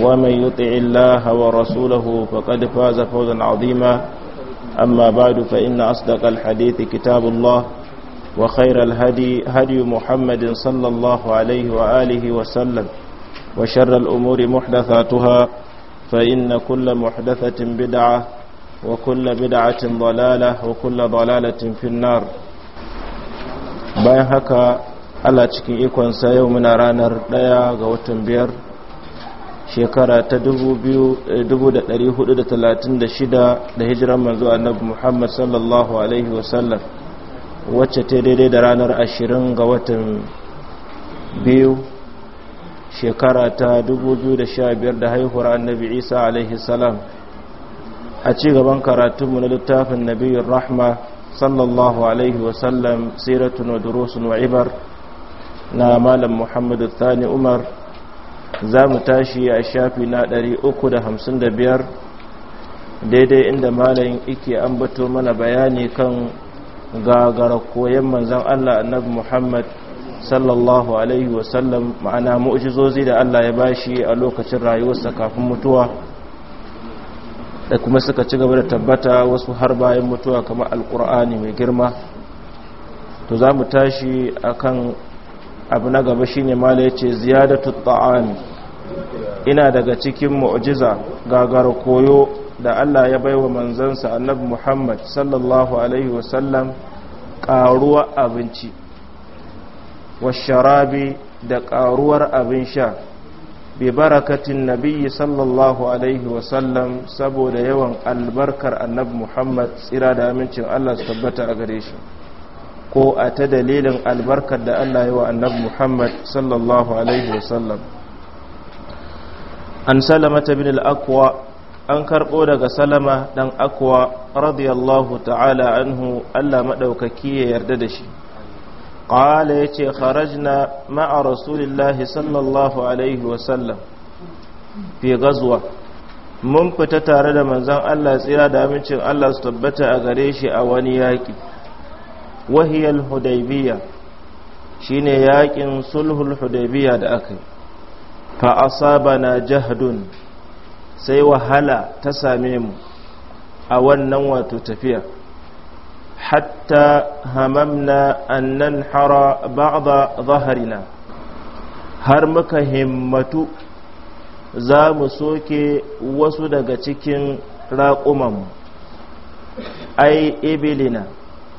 ومن يطع الله ورسوله فقد فاز فوزا عظيما أما بعد فإن أصدق الحديث كتاب الله وخير الهدي هدي محمد صلى الله عليه وآله وسلم وشر الأمور محدثاتها فإن كل محدثة بدعة وكل بدعة ضلالة وكل ضلالة في النار bayan haka Allah cikin ikonsa yau muna ranar ɗaya ga watan biyar shekara ta 2436 eh, da hijiran manzo annabi Muhammad sallallahu alaihi wasallam wacce ta daidai da ranar 20 ga watan biyu shekara ta 2015 da haihuwar annabi Isa alaihi salam a ci gaban karatunmu na littafin nabiyar rahma sallallahu alaihi wasallam siratun wa durusun wa ibar na malam Muhammadu Thani Umar za mu tashi a shafi na 355 daidai inda malayin ike ambato mana bayani kan gagara koyon manzan Allah annabi Muhammad sallallahu alaihi wasallam ma'ana mu'jizozi da Allah ya bashi a lokacin rayuwarsa kafin mutuwa da kuma suka ci gaba da tabbata wasu har bayan mutuwa kamar alkur'ani mai girma to za mu tashi akan abu na gaba shine mala yace ziyadatu ta'ami ina daga cikin mu'jiza gagar koyo da Allah ya baiwa manzansa annabi Muhammad sallallahu alaihi wasallam karuwa abinci washarabi da karuwar abin sha bi barakatin nabiyyi sallallahu alaihi wasallam saboda yawan albarkar annabi Muhammad tsira da amincin Allah su tabbata a gare shi ko a ta dalilin albarkar da Allah yi wa annabi Muhammad sallallahu alaihi wasallam an salamata bin al an karɓo daga salama ɗan akwa radiyallahu ta'ala anhu Allah maɗaukaki ya yarda da shi ƙala ya ce kharajna ma'a rasulillahi sallallahu alaihi wasallam fi gazuwa mun fita tare da manzan Allah tsira da amincin Allah su tabbata a gare shi a wani yaƙi wahiyal hudaybiya shine yakin sulhul hudaybiya da aka yi fa na jahadun, sai wahala ta same mu a wannan wato tafiya hatta hamamna an nanhara ba'da zaharina har muka himmatu za mu soke wasu daga cikin raƙumanmu ai ibilina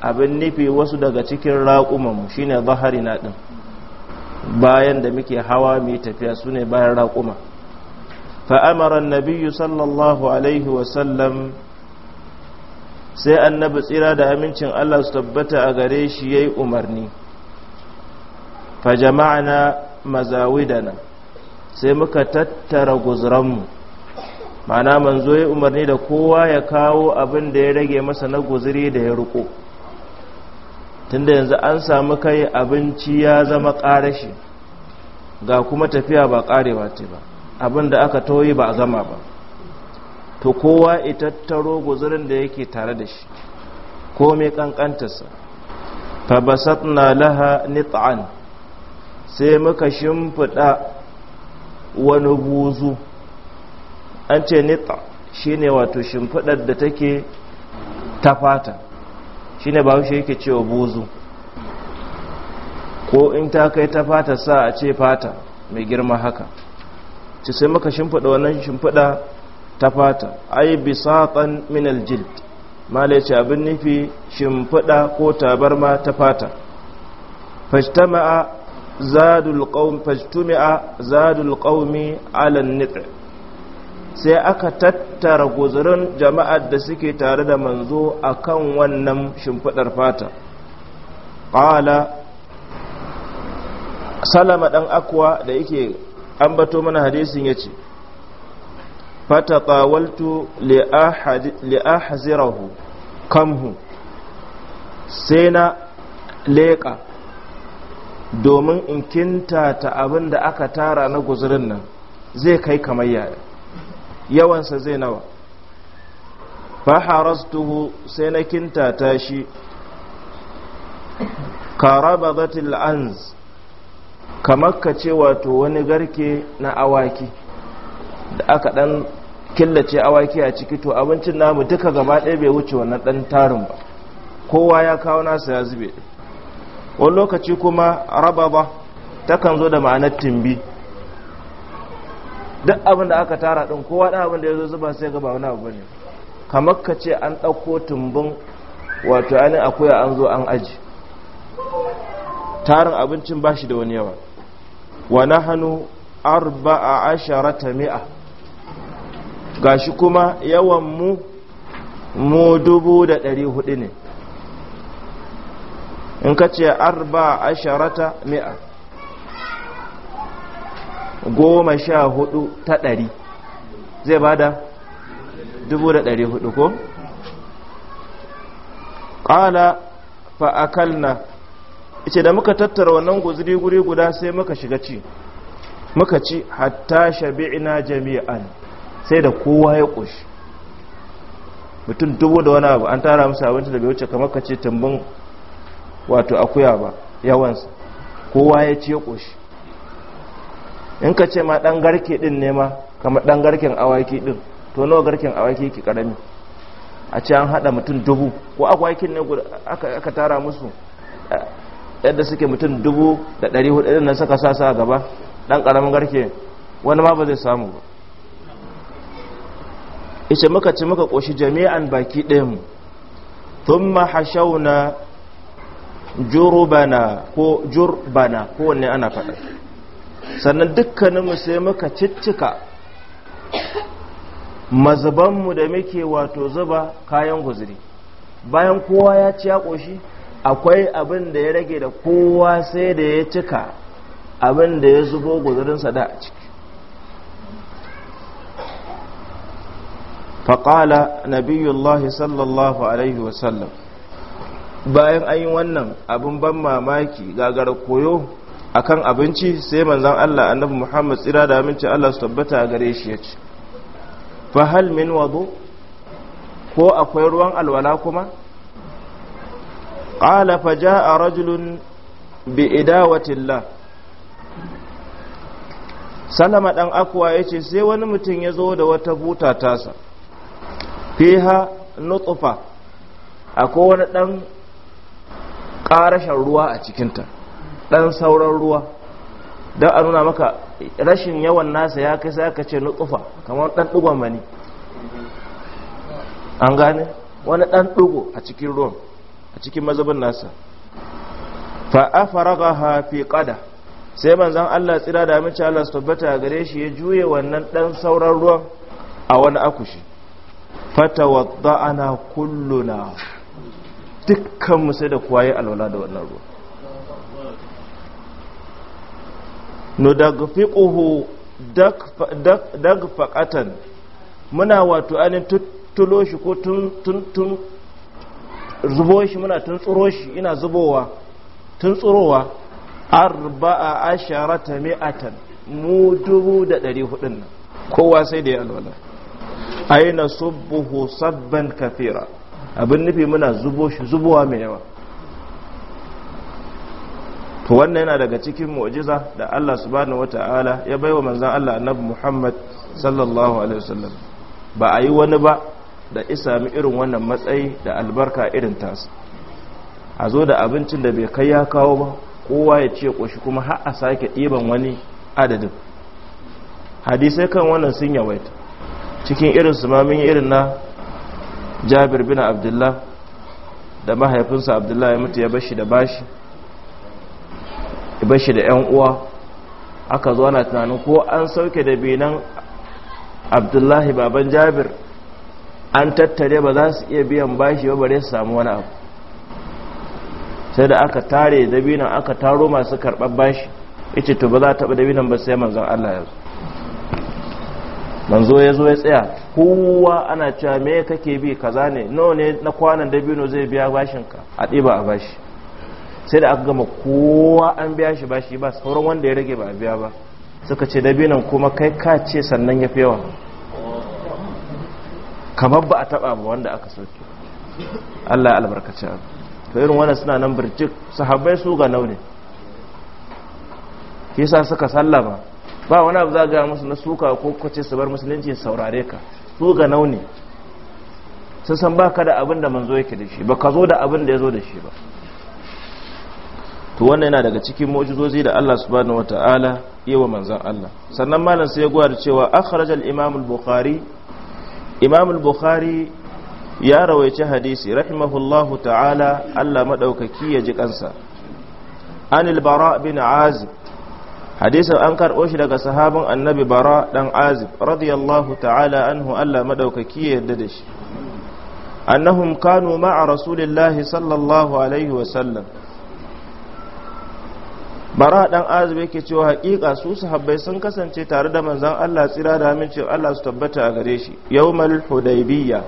abin nufi wasu daga cikin raƙumanmu shine zahari na ɗin bayan da muke hawa mai tafiya su ne bayan raƙuma fa'amaran nabiyu sallallahu alaihi wasallam sai annabi tsira da amincin Allah su tabbata a gare shi ya yi umarni fa na mazawidana sai muka tattara guzuranmu mana manzo ya umarni da kowa ya kawo abin da ya rage masa na guzuri da ya ruko tunda yanzu an samu kai abinci ya zama shi ga kuma tafiya ba ƙarewa ce ba abin da aka toyi ba a zama ba to kowa itattaro guzurin da yake tare da shi ko mai ƙanƙantarsa na laha nit'an sai muka shimfiɗa wani buzu an ce nit'a shine wato shimfiɗar da take ta fata shi ne ba haushe yake cewa buzu ko in ta kai ta fata sa a ce fata mai girma haka ci sai maka shimfiɗa wannan shimfiɗa ta fata ai bisatan min aljild malai ce abin nufi shimfiɗa ko tabarma ta fata fajtama'a zadul zadul ala an sai aka tattara guzurin jama'ar da suke tare da manzo a kan wannan shimfiɗar fata ƙala salama ɗan akwa da yake ambato mana hadisin yace fataqawaltu li ahzirahu kamhu sai na leƙa domin in kinta ta abin da aka tara na guzurin nan zai kai kamar yaya yawansa zai nawa faharastuhu sai na kintata shi karababatil anz kamar ka ce wato wani garke na awaki da aka dan killace awaki a ciki to abincin namu duka gaba ɗaya bai wuce wannan ɗan tarin ba kowa ya kawo nasa ya zube wani lokaci kuma rababa takan zo da ma'anar timbi duk abin da aka tara din kowa da abin da ya zo zuba sai ga ba wani abu ne kamar ka ce an ɗauko tumbin wato ainihin akuya an zo an aji tarin abincin ba shi da wani yawa wa na hannu ashara ta mi'a gashi kuma yawan mu mu dubu da ɗari hudu ne in ka ce arba'a ta mi'a goma sha hudu ta ɗari zai ba da dubu da ɗari hudu ko? ƙala fa'akal na ce da muka tattara wannan guzuri guri guda sai muka shiga ci muka ci hatta shabi'ina jami'an sai da kowa ya ƙushi mutum dubu da wani abu an tara musu abinci da bai wuce kamar ka ce tambun wato akuya ba yawansa kowa ya ce ya ƙushi in ka ce ma dan garke din ne ma kamar dan garken awaki din to nawa garken awaki ki karami a ce an hada mutum dubu ko awakin ne aka tara musu eh, yadda suke mutum dubu da ɗari hudu ɗin nan suka sa sa gaba ɗan ƙaramin garke wani ma ba zai samu ba ishe muka ci muka ƙoshi jami'an baki ɗayanmu tun ma hashau na jurubana ko wanne ana faɗa sannan dukkaninmu sai muka ciccika mu da muke wato zuba kayan guzuri bayan kowa ya ci ya ƙoshi akwai abin da ya rage da kowa sai da ya cika abin da ya zubo guzurinsa da a ciki faƙala nabiyullahi sallallahu alaihi wasallam bayan an yi wannan abin ban mamaki gagara koyo akan abinci sai manzon Allah annabi Muhammad tsira da aminci Allah su tabbata gare shi yace fa hal min wudu ko akwai ruwan alwala kuma qala fa jaa rajulun bi idawatillah salama dan akwa yace sai wani mutum yazo da wata buta tasa fiha nutfa akwai wani dan ƙarashin ruwa a cikinta ɗan sauran ruwa don a nuna maka rashin yawan nasa ya kai sai aka ce nutsufa kamar ɗan ɗigon mani an gane wani ɗan ɗigo a cikin ruwan a cikin mazabin nasa fa'afaraga hafi ƙada sai manzan Allah tsira da amince Allah su tabbata gare shi ya juye wannan ɗan sauran ruwan a wani akushi fata wadda ana kulluna dukkan musai da kuwa yi alwala da wannan ruwan nudagfiquhu dagfaqatan muna wato ainihin tuttulo shi ko tun tun zubo shi muna tun tsuro shi ina zubowa tun tsurowa arba'a asharata mi'atan mu dubu da ɗari hudun nan kowa sai da ya alwala aina subbuhu sabban kafira abin nufi muna zubo shi zubowa mai yawa to wannan yana daga cikin mu'jiza da Allah subhanahu wata'ala ya baiwa manzon Allah annabi Muhammad sallallahu alaihi wasallam ba a yi wani ba da isami irin wannan matsayi da albarka irin tasa a zo da abincin da bai kai ya kawo ba kowa ya ce koshi kuma har a sake ɗiban wani adadin hadisai kan wannan sun yawaita cikin irin su irin na jabir bin abdullah da mahaifinsa abdullah ya mutu ya bashi da bashi ibar da yan uwa aka zo ana tunanin ko an sauke da binan abdullahi baban jabir an tattare ba za su iya biyan bashi ba bare su samu wani abu sai da aka tare dabinan aka taro masu karɓar bashi ita to ba za ta taɓa dabinan ba sai manzon Allah ya zo manzo ya zo ya tsaya kowa ana cewa me kake bi kaza ne nawa ne na kwanan dabino zai biya bashinka a ɗiba a bashi sai da aka gama kowa an biya shi ba shi ba sauran wanda ya rage ba a biya ba suka ce dabinan kuma kai ka ce sannan ya fi yawa kamar ba a taba ba wanda aka sauke Allah albarkaci abu to irin wannan suna nan birjik habai su ga naune kisa suka sallama ba wani abu za gaya musu na suka ko kwace su bar musulunci saurare ka su ga ne sun san baka da abin da manzo yake da shi ba ka zo da abin da ya zo da shi ba to wannan yana daga cikin mu'jizozi da Allah subhanahu wataala wa manzon Allah sannan malam sai ya gwada cewa akhraj al-imam al-bukhari imam al-bukhari ya rawaice hadisi rahimahullahu ta'ala Allah madaukaki ya ji kansa anil bara bin azib hadisin an karɓo shi daga sahabin annabi bara dan azib radiyallahu ta'ala anhu Allah maɗaukaki ya yarda da shi annahum kanu ma'a rasulillahi sallallahu alaihi sallam. bara dan azumi yake cewa hakika su sahabbai sun kasance tare da manzon Allah tsira da amince Allah su tabbata a gare shi yawmal hudaybiyya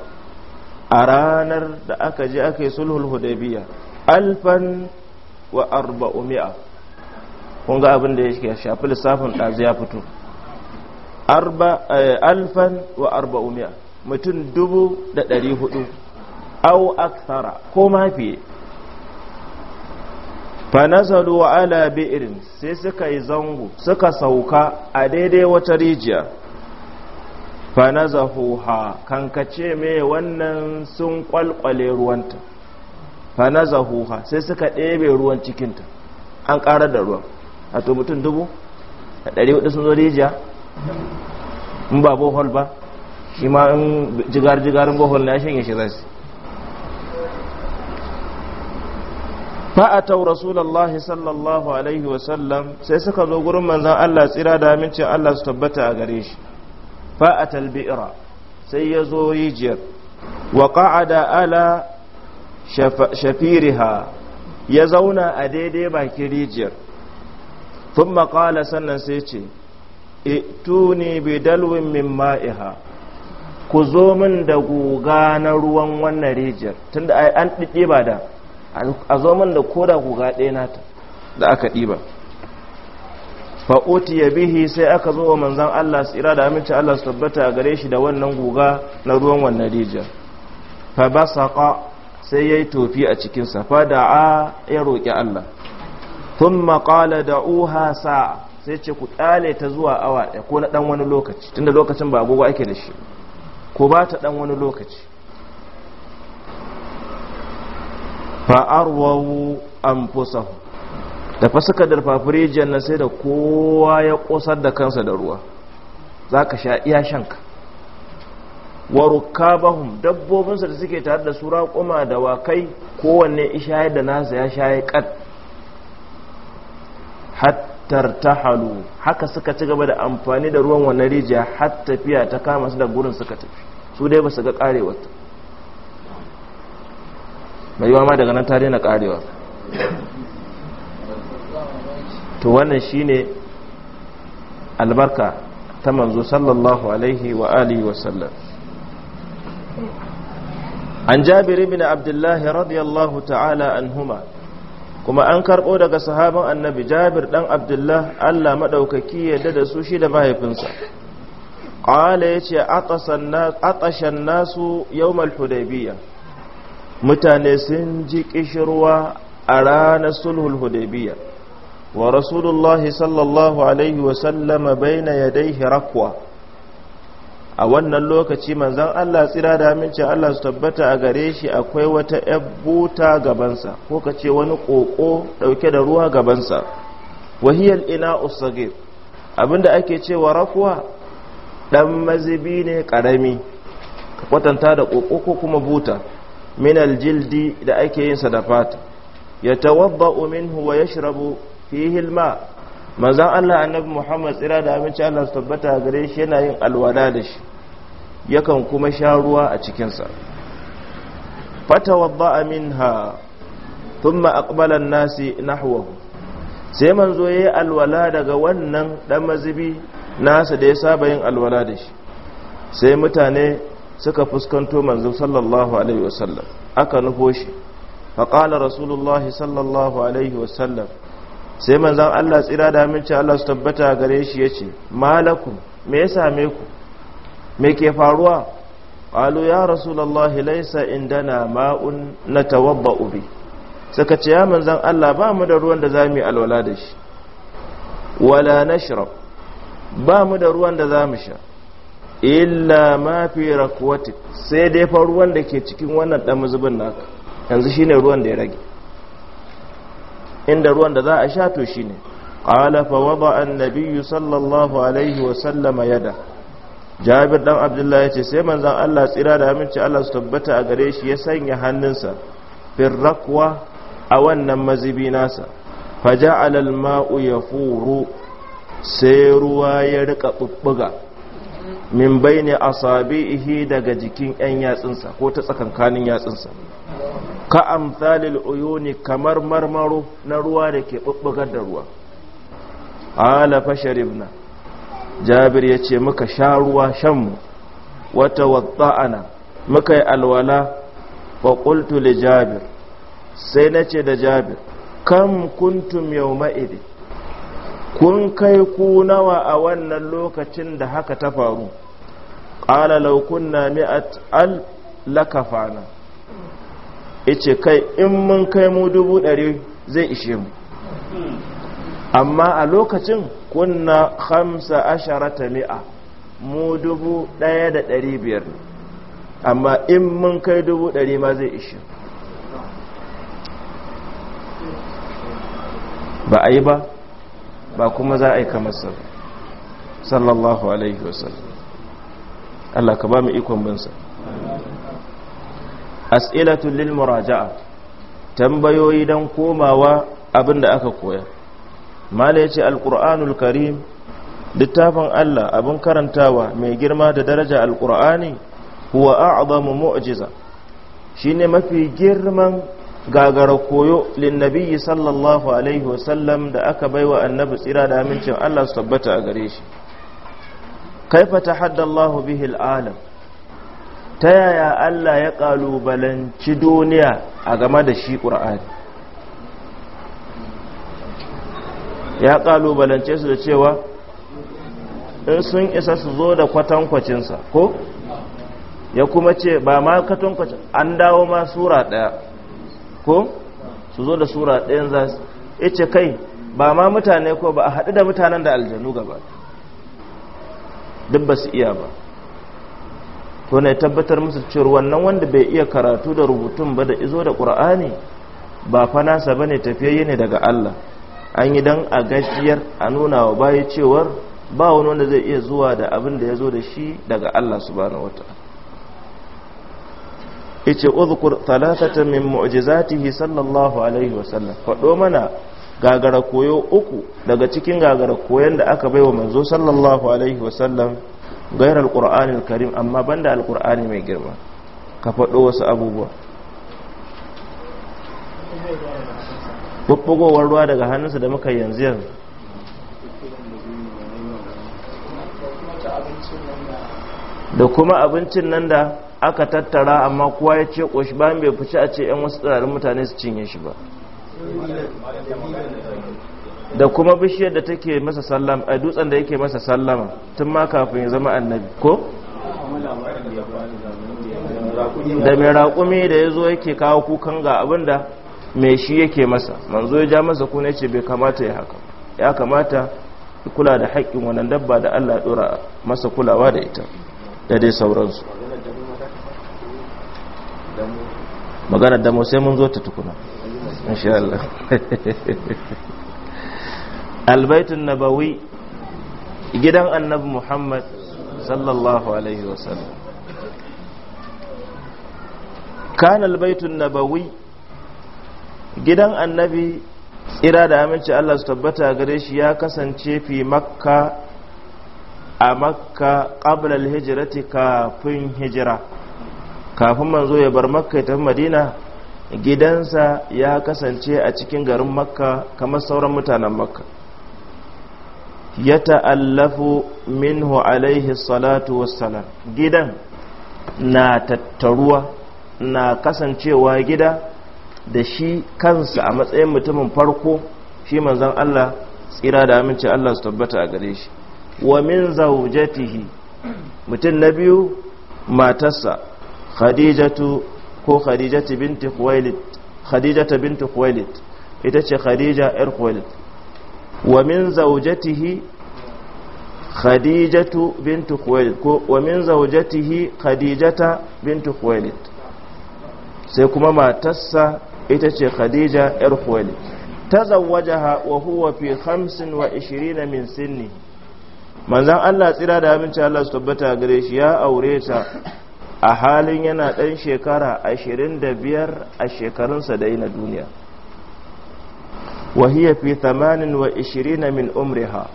a ranar da aka je aka yi sulhul hudaybiyya alfan wa arba'umi'a kun ga abin da yake shafi lissafin ɗazu ya fito eh, alfan wa arba'umi'a mutum dubu da ɗari hudu au aksara ko mafi. fanazalu ala bi'rin sai suka yi zango suka sauka a daidai wata rijiya fanazahuha kankace me wannan sun kwalkwale ruwanta fanazahuha sai suka ɗebe ruwan cikinta an ƙara da ruwan a to mutum dubu a ɗari hudu sun zo rijiya in ba bohol ba shi ma in jigar-jigarin bohol na shanye shi zai fa'atau rasulallahi sallallahu alaihi wasallam sai suka zo gurin manzan Allah tsira da amincin Allah su tabbata a gare shi fa'atal bi'ira sai ya zo rijiyar wa ƙa'ada ala shafiriha ya zauna a daidai baki rijiyar tun maƙala sannan sai ce ituni bi dalwin min ma'iha ku zo min da guga na ruwan wannan rijiyar tunda an ɗiɗɗi ba da a zo man da koda guga ɗaya nata da aka ɗiba fa'uti ya bihi sai aka zo wa manzan Allah tsira da aminci Allah su tabbata a gare shi da wannan guga na ruwan wannan rijiyar fa ba saƙa sai ya yi tofi a cikinsa fa da a ya roƙi Allah tun maƙala da uha sa'a sai ce ku ɗale ta zuwa awa ɗaya ko na ɗan wani lokaci tunda lokacin ba agogo ake da shi ko ba ta ɗan wani lokaci fa'arwawu an fusa da fa suka darfafi jiyan sai da kowa ya ƙosar da kansa da ruwa za ka sha iya shanka wa rukabahum dabbobinsa da suke tare da sura kuma da wakai kowanne ishayar da nasa ya shaye kat hattar ta halu haka suka ci gaba da amfani da ruwan wannan rijiya har tafiya ta kama su da gurin suka tafi su dai ba su ga ƙarewata mai yiwa ma daga nan ta daina karewa to wannan shine albarka ta manzo sallallahu alaihi wa alihi wa sallam an jabir ibn abdullahi radiyallahu ta'ala anhuma kuma an karbo daga sahaban annabi jabir dan abdullah Allah madaukaki yadda da su shi da mahaifinsa qala yace atashan nasu yawmal hudaybiyah mutane sun ji kishirwa a ranar sulhul hudaybiya wa rasulullah sallallahu alaihi wasallama baina yadayhi rakwa a wannan lokaci manzon Allah tsira da amince Allah su tabbata a gare shi akwai wata yar buta gabansa ko ka ce wani koko dauke da ruwa gabansa wahiyal ina usagir abinda ake cewa rakwa dan mazibi ne karami kwatanta da koko ko kuma buta من الجلد da ake yin sa da fata yatawadda'u minhu wa yashrabu fihi alma manzon Allah annabi Muhammad tsira da abinci Allah su tabbata gare shi yana yin alwala da shi yakan kuma sha ruwa a cikin sa fatawadda'a minha thumma aqbala an-nasi nahwahu sai manzo yayi alwala daga wannan dan mazubi nasa da ya saba yin alwala da shi sai mutane suka fuskanto manzo sallallahu alaihi wasallam aka nufo shi faƙala rasulullah sallallahu alaihi wasallam sai manzan allah tsira da aminci allah su tabbata gare shi ya ce malakum me ya same ku me ke faruwa ƙalu ya rasulullah laisa indana ma'un na tawabba ubi suka ce ya manzan allah ba mu da ruwan da za mu yi alwala da shi wala na ba mu da ruwan da za mu sha illa ma fi rakwatik sai dai fa ruwan da ke cikin wannan dan muzubin naka yanzu shine ruwan da ya rage inda ruwan da za a sha to shine qala fa wada annabi sallallahu alaihi wa sallama yada jabir dan abdullahi yace sai manzon Allah tsira da aminci Allah su tabbata a gare shi ya sanya hannunsa fir rakwa a wannan mazubi nasa faja'ala al-ma'u yafuru sai ruwa ya rika bubbuga min bayni asabihi daga jikin yan yatsinsa ko ta tsakankanin yatsinsa ka amsalil uyuni kamar marmaro na ruwa da ke bubbugar da ruwa ala fasharibna jabir yace muka sha ruwa shan mu wata wadda'ana muka yi alwala wa qultu li jabir sai nace da jabir kam kuntum yawma idin kun kai ku nawa a wannan lokacin da haka ta faru ƙala laukunna mi'at al lakafana ice kai in mun kai mu dubu ɗari zai ishe mu amma a lokacin kunna hamsa asharata mi'a mu dubu ɗaya da ɗari biyar amma in mun kai dubu ɗari ma zai ishe ba a yi ba ba kuma za a yi kamarsa sallallahu alaihi wasallam Allah ka ba mu ikon binsa as'ilatu lil muraja'a tambayoyi dan komawa abinda aka koya mala yace alqur'anul karim littafin Allah abin karantawa mai girma da daraja alqur'ani huwa a'zamu mu'jiza shine mafi girman gagara koyo linnabiyyi sallallahu alaihi wasallam da aka baiwa annabi tsira da amincin Allah su tabbata a gare shi kaifa tahaddallahu bihi alalam ta yaya Allah ya kalubalanci duniya a game da shi qur'ani ya kalubalance su da cewa in sun isa su zo da kwatankwacinsa ko ya kuma ce ba ma kwatankwacin an dawo ma sura daya ko su zo da sura ɗayan za su ice kai ba ma mutane ko ba a haɗu da mutanen da aljanu gaba duk ba su iya ba to ne tabbatar musu cewar wannan wanda bai iya karatu da rubutun ba da izo da ƙura'ani ba fanasa ba ne tafiye ne daga allah an yi don a gashiyar a nuna wa bayi cewar ba wani wanda zai iya zuwa da abin da ya zo da shi daga allah subhanahu wata yace uzkur thalathatan min mu'jizatihi sallallahu alaihi wasallam fado mana gagara koyo uku daga cikin gagara koyon da aka baiwa manzo sallallahu alaihi wasallam gairar alqur'ani alkarim amma banda alqur'ani mai girma ka fado wasu abubuwa bubbugowar ruwa daga hannunsa da muka yanzu yanzu da kuma abincin nan da aka tattara amma kuwa ya ce ƙoshi bayan bai fice a ce 'yan wasu tsirarin mutane su cinye shi ba da kuma bishiyar da take masa sallama a dutsen da yake masa sallama tun ma kafin zama annabi ko da mai raƙumi da ya zo yake kawo kukan ga abin da mai shi yake masa manzo ya ja masa kuna ce bai kamata ya haka ya kamata kula da haƙƙin wannan dabba da allah ɗora masa kulawa da ita da dai sauransu magana damo sai mun zo ta tukuna insha Allah albaitun nabawi gidan annabi muhammad sallallahu alaihi wasallam kan albaitun nabawi gidan annabi tsira da aminci Allah su tabbata gare shi ya kasance fi makka a makka qabla hijirati kafin hijira kafin manzo ya bar makka ya tafi madina gidansa ya kasance a cikin garin makka kamar sauran mutanen makka ya ta'allafu minhu alaihi salatu wassalam gidan na tattaruwa na kasancewa gida da shi kansa a matsayin mutumin farko shi manzan Allah tsira da aminci Allah su tabbata a gare shi wa min zaujatihi mutum na biyu matarsa khadijatu ko khadijatu binti khuwailid khadijatu binti khuwailid ita ce khadija yar khuwailid wa min zawjatihi khadijatu binti khuwailid ko wa min zawjatihi khadijata binti khuwailid sai kuma matarsa ita ce khadija yar khuwailid tazawwajaha wa huwa fi 25 min sinni manzan Allah tsira da amincin Allah su tabbata gare shi ya aure ta a halin yana ɗan shekara ashirin da biyar a shekarunsa dai na duniya wahiyar fi tamanin wa ishirina min umriha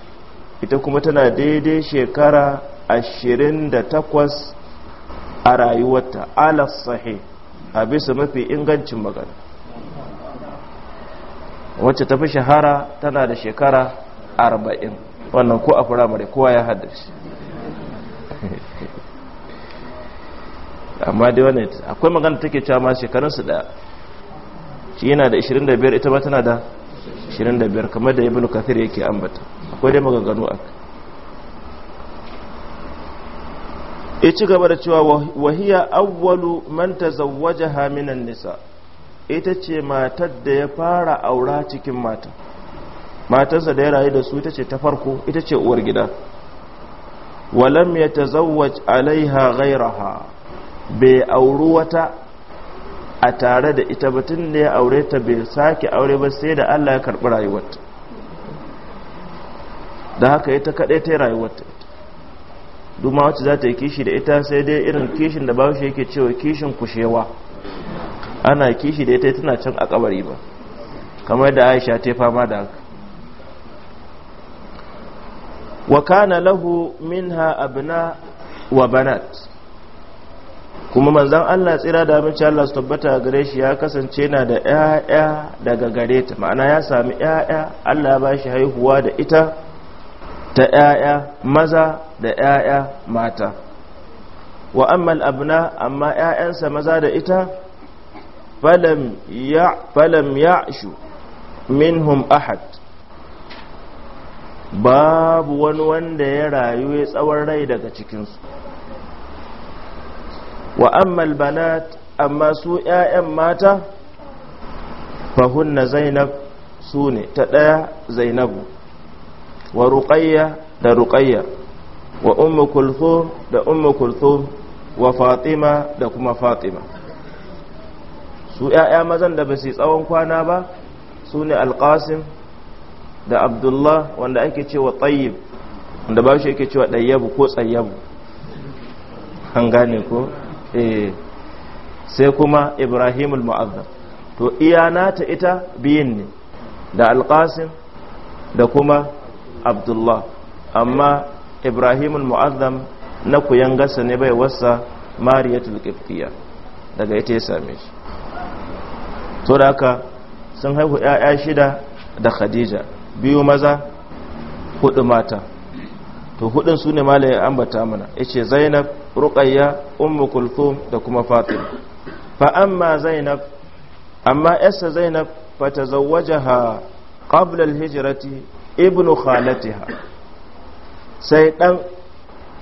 ita kuma tana daidai shekara ashirin da takwas a rayuwarta ala sahi a bisa mafi ingancin magana wacce tafi shahara tana da shekara arba'in wannan ko a firamare kowa ya haddace amma dai wannan akwai magana take cewa ma shekarun su da shi yana da 25 ita ba tana da 25 kamar da ibnu kathir yake ambata akwai dai maganganu a ya ci gaba da cewa wahiya awwalu man tazawwajaha minan nisa ita ce matar da ya fara aura cikin mata matarsa da ya rayu da su ita ce ta farko ita ce uwar gida walam ya tazawwaj alaiha ghairaha bai auri wata a tare da ita batun da ya aure ta bai sake aure ba sai da Allah ya karɓi rayuwarta da haka ita kaɗai ta rayuwarta duma wacce za ta yi kishi da ita sai dai irin kishin da bashi yake cewa kishin kushewa ana kishi da ita tana can a kabari ba kamar da aisha ta fama da haka wa kana lahu minha abna wa banat kuma manzan Allah tsira da amince Allah su tabbata gare shi ya kasance na da ‘ya'ya daga gare ta ma'ana ya sami ‘ya'ya Allah ya ba shi haihuwa da ita ta ‘ya'ya maza da ‘ya'ya mata wa ammal abna amma ‘ya'yansa maza da ita falam ya shu minhum ahad babu wani wanda ya rayu ya tsawon rai daga cikinsu wa ammal banat amma su 'ya'yan mata fahunna zainab su ta ɗaya zainabu wa ruqayya da ruqayya wa ummu kulthum da ummu kulthum wa fatima da kuma fatima su 'ya'ya mazan da ba su tsawon kwana ba sune ne alƙasim da abdullah wanda ake cewa Tayyib wanda ba shi yake cewa ɗayyabu ko tsayyabu an gane ko Eh, sai kuma ibrahimul mu'azzam to iya nata ita biyin ne da alƙasin da kuma abdullah amma ibrahimul mu'azzam na kuyan gasa ne bai wasa mariyatul qibtiyya daga ita ya same shi to da sun haihu 'ya'ya shida da khadija biyu maza hudu mata to hudun su ne malaye ambata mana ya ce zainab ruqayya ummu kulthum da kuma fatima fa amma zainab amma yassa zainab fa tazawwajaha qabla al ibnu khalatiha sai dan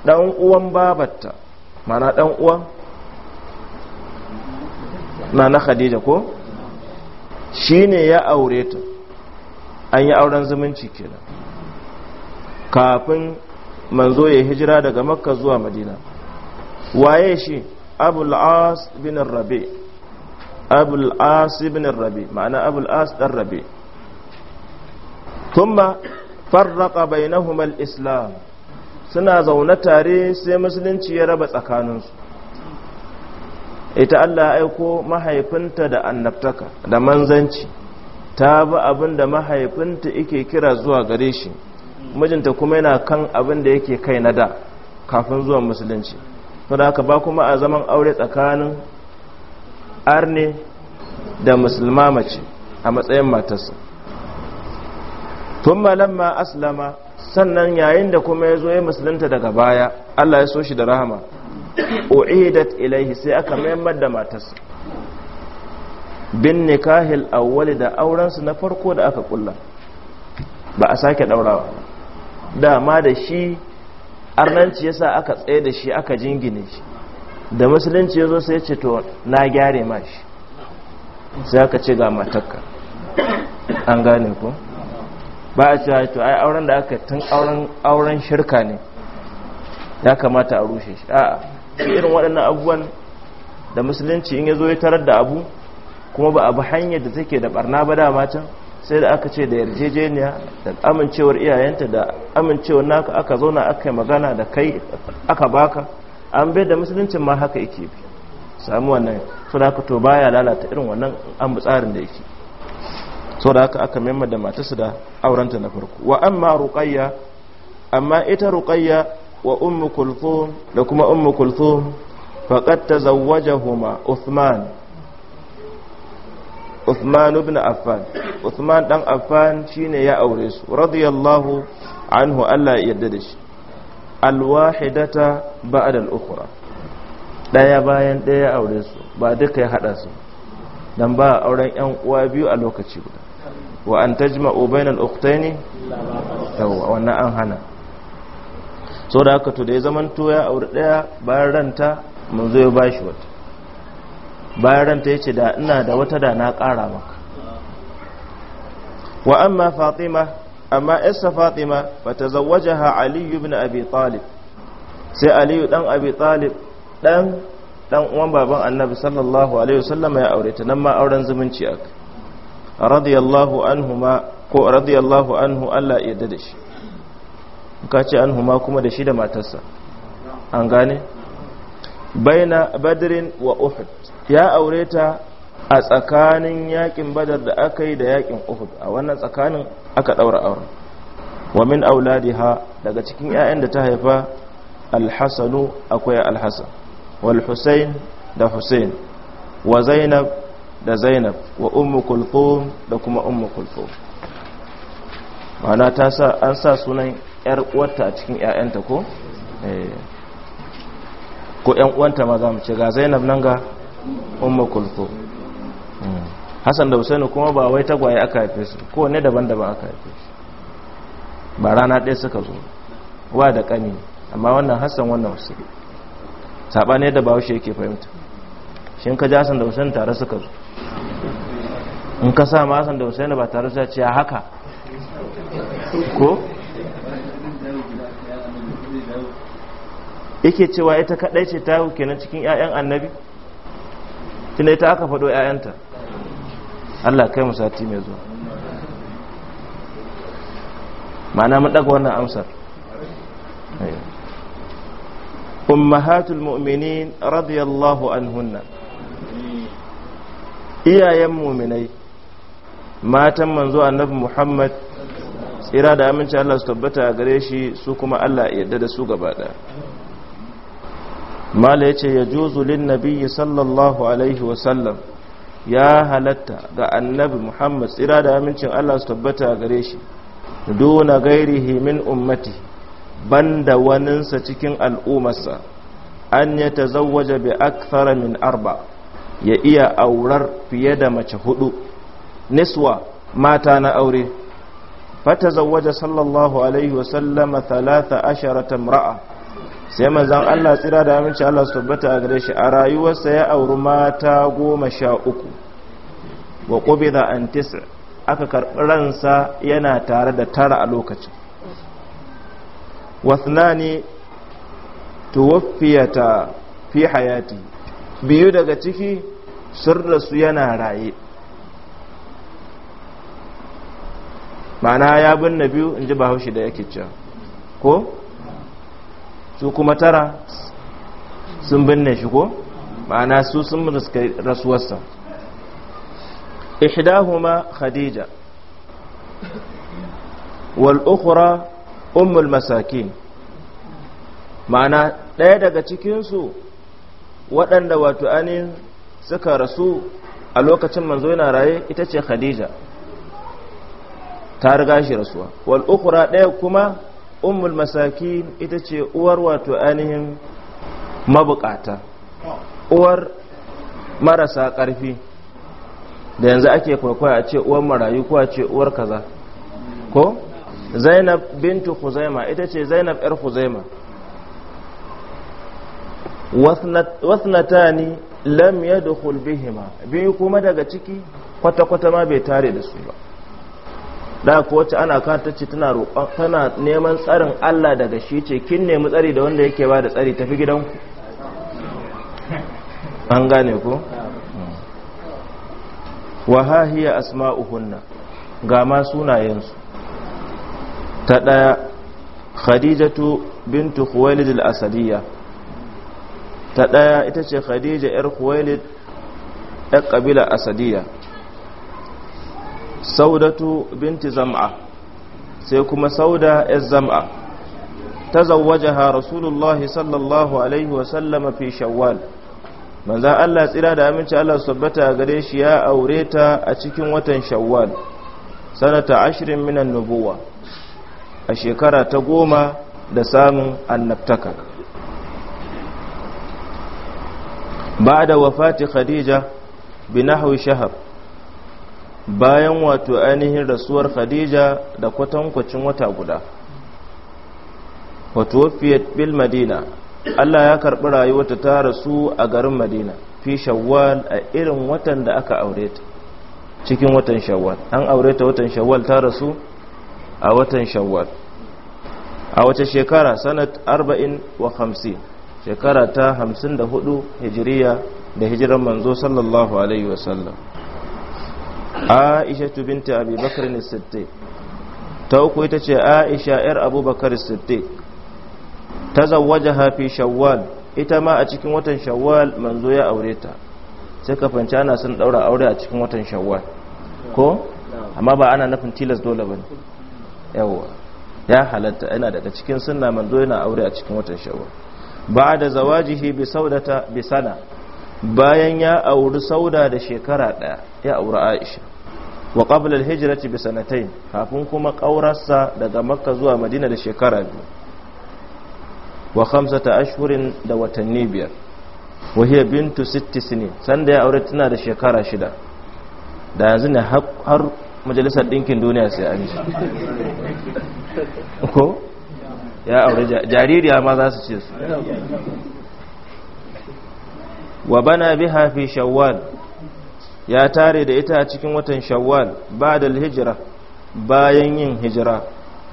dan uwan babatta mana dan uwan na khadija ko shine ya aure ta an yi auren zumunci kenan kafin manzo ya hijira daga makka zuwa madina waye shi abul as bin rabi abul as bin rabi ma'ana abul as dan rabi kuma farraqa bainahuma al-islam suna zaune tare sai musulunci ya raba tsakaninsu ita Allah ya aiko mahaifinta da annabtaka da manzanci ta bi abinda mahaifinta yake kira zuwa gare shi mijinta kuma yana kan abinda yake kai na da kafin zuwa musulunci saboda haka ba kuma a zaman aure tsakanin arne da musulma mace a matsayin matarsa tun malamma aslama sannan yayin da kuma ya zo ya musulunta daga baya allah ya so shi da rahama u'idat ilaihi sai aka mayammar da matarsa bin nikahil awwali da aurensu na farko da aka kulla ba a sake daurawa dama da shi arnanci yasa aka tsaye da shi aka jingine shi da musulunci ya zo sai ce to na gyare ma shi sai aka ce ga matakka an gane ko ba a cewa to ai auren da aka tun auren auren shirka ne ya kamata a rushe shi a'a irin waɗannan abubuwan da musulunci in ya zo ya tarar da abu kuma ba abu hanyar da take da barna ba da matan. sai da aka ce da yarjejeniya da amincewar iyayenta da amincewar naka aka zauna aka yi magana da kai aka baka an bai da musuluncin ma haka yake bi samu wannan so da to baya lalata irin wannan an tsarin da yake so da haka aka memma da matarsa da aurenta na farko wa amma ruqayya amma ita ruqayya wa ummu kulthum da kuma ummu kulthum faqad tazawwajahuma uthman Uthman ibn Affan Uthman dan Affan shine ya aure su radiyallahu anhu Allah ya yarda da shi alwahidata ba'da al-ukhra daya bayan daya aure su ba duka ya hada su dan ba auren yan uwa biyu a lokaci guda wa an tajma'u bainal ukhtaini wannan an hana so da haka to da ya zamanto ya aure daya bayan ranta mun zo ya bashi wata bayan ranta ya ce da ina da wata da na ƙara maka wa amma fatima amma isa fatima bata zawaja ha aliyu bin abi talib sai aliyu dan abi talib dan dan uwan baban annabi sallallahu alaihi wasallam ya aure ta nan ma auren zumunci aka radiyallahu anhu ma ko radiyallahu anhu Allah ya yarda da shi ka ce ma kuma da shi da matarsa an gane baina badrin wa uhud ya aureta a tsakanin yakin badar da aka yi da yakin uhud a wannan tsakanin aka daura auren wa min auladiha daga cikin 'ya'yan da ta haifa alhassanu akwai alhassan wal husain da husain wa zainab da zainab wa ummu kulthum da kuma ummu kulthum ma'ana ta sa an sa sunan 'yar uwarta a cikin 'ya'yanta ko eh ko yan uwanta ma za mu ce ga zainab nan ga umma kulthum hmm. hasan da husaini kuma ba wai tagwaye aka haife su ko ne daban-daban aka haife su ba rana ɗaya suka zo wa da ƙani amma wannan hasan wannan husaini saba ne da bahaushe yake fahimta shi ka ji hasan da husaini tare suka zo in ka sa ma hasan da husaini ba tare su ya ce haka ko yake cewa ita kadai ce ta kenan cikin 'ya'yan annabi tunai ita aka faɗo 'ya'yanta Allah kai mu sati mai zuwa ma'ana mun daga wannan amsar ummahatul mu'minin radiyallahu anhunna iyayen mu'minai matan manzo annabi Muhammad tsira da aminci Allah su tabbata gare shi su kuma Allah ya yarda da su gaba daya mala ya ce ya juzulin lin nabiyyi sallallahu alaihi wasallam ya halatta ga annabi muhammad tsira da amincin allah su tabbata gare shi duna gairihi himin ummati banda waninsa cikin al'ummarsa an ya tazawwaja bi akthara min arba ya iya aurar fiye da mace hudu niswa mata na aure fatazawwaja sallallahu alaihi wasallama thalatha asharata imra'a sai manzan Allah tsira da aminci Allah su tabbata a gare shi a rayuwarsa ya auri mata goma sha uku wa qubida an tis'a aka karɓi ransa yana tare da tara a lokacin ne tuwafiyata fi hayati biyu daga ciki su yana raye ma'ana ya binne biyu in ji ba haushi da yake can ko su kuma tara sun binne shi ko ma'ana su sun rasuwarsa ihdahuma khadija wal ukhra al masakin ma'ana ɗaya daga cikinsu waɗanda wato anin suka rasu a lokacin manzo yana raye ita ce khadija ta riga shi rasuwa wal ukhra ɗaya kuma ummul masaki ita ce uwar wato ainihin mabukata uwar marasa karfi da yanzu ake kwaikwaya a ce uwar marayu ko a ce uwar kaza ko zainab bintu huzaima ita ce zainab yar huzaima wasnatani lam yadkhul bihima biyu kuma daga ciki kwata-kwata ma bai tare da su ba da ko wacce ana kata ce tana roƙon tana neman tsarin Allah daga shi ce kin nemi tsari da wanda yake ba da tsari tafi gidanku an gane ko wa asma'uhunna ga ma sunayensu ta ɗaya khadijatu bintu khuwailid al-asadiyya ta ɗaya ita ce khadija yar khuwailid yar ƙabila asadiyya saudatu binti zam'a sai kuma sauda yar zam'a ha rasulullahi sallallahu alaihi wa sallama fi shawwal manza Allah tsira da aminci Allah su gare shi ya aure ta a cikin watan shawwal sanata ashirin minan nubuwa a shekara ta goma da samun annabtaka ba da wafati khadija bi nahwi shahar bayan wato ainihin rasuwar khadija da kwatankwacin wata guda wato fiyat bil madina allah ya karɓi rayuwata ta rasu a garin madina fi shawwal a irin watan da aka aure ta cikin watan shawwal an aure ta watan shawwal ta rasu a watan shawwal a wace shekara sanat 40 wa 50 shekara ta 54 hijiriya da hijiran manzo sallallahu alaihi wasallam aisha binta abi bakar siddiq ta uku ita ce aisha yar abubakar siddiq ta zawaja hafi shawwal ita ma a cikin watan shawwal manzo ya aure ta sai ka fanci ana sun daura aure a cikin watan shawwal ko amma ba ana nufin tilas dole ba ne ya halatta yana daga cikin sunna manzo yana aure a cikin watan shawwal ba da zawajihi bi saudata bi sana bayan ya auri sauda da shekara ɗaya ya auri aisha wa qabla al-hijrati bi sanatayn kafin kuma kaurarsa daga makka zuwa madina da shekara biyu wa khamsata ashhurin da watanni biyar wa hiya bintu sitti sinin sanda ya aure tana da shekara shida da yanzu ne har majalisar ɗinkin duniya sai an ji ko ya aure jaririya ma za su ce su wa bana biha fi shawwal ya tare da ita a cikin watan shawwal ba'da al-hijra bayan yin hijira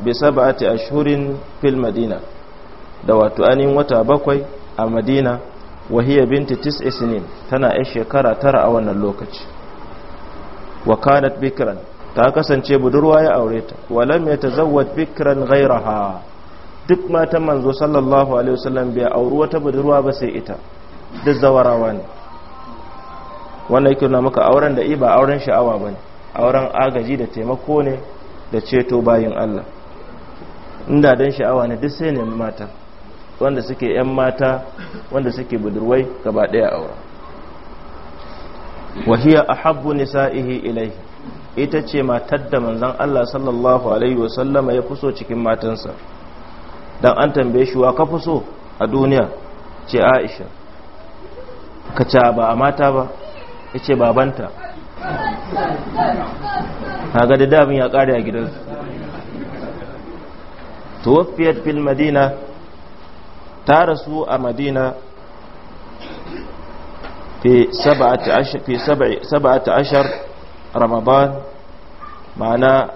bi sab'ati ashhurin fil madina da wato anin wata bakwai a madina wa hiya binti tis'i sinin tana ai shekara tara a wannan lokaci wa kanat bikran ta kasance budurwa ya aure ta wa lam yatazawwaj bikran ghayraha duk matan manzo sallallahu alaihi wasallam bai auri wata budurwa ba sai ita duk zawarawa ne wannan yake nuna maka auren da ba auren sha'awa ba auren agaji da taimako ne da ceto bayin Allah inda don sha'awa ne duk sai ne mata wanda suke 'yan mata wanda suke budurwai gaba ɗaya aure. wahiya a habbu nisa'ihi ilaihi ita ce matar da manzan Allah sallallahu alaihi wasallama ya fuso cikin matansa don an tambaye shi wa ka fuso a duniya ce aisha ka ba a mata ba ya ce babanta na da ya kare a gidansu tuwafiyar fil madina ta rasu a madina fi ta ashar ramadan ma'ana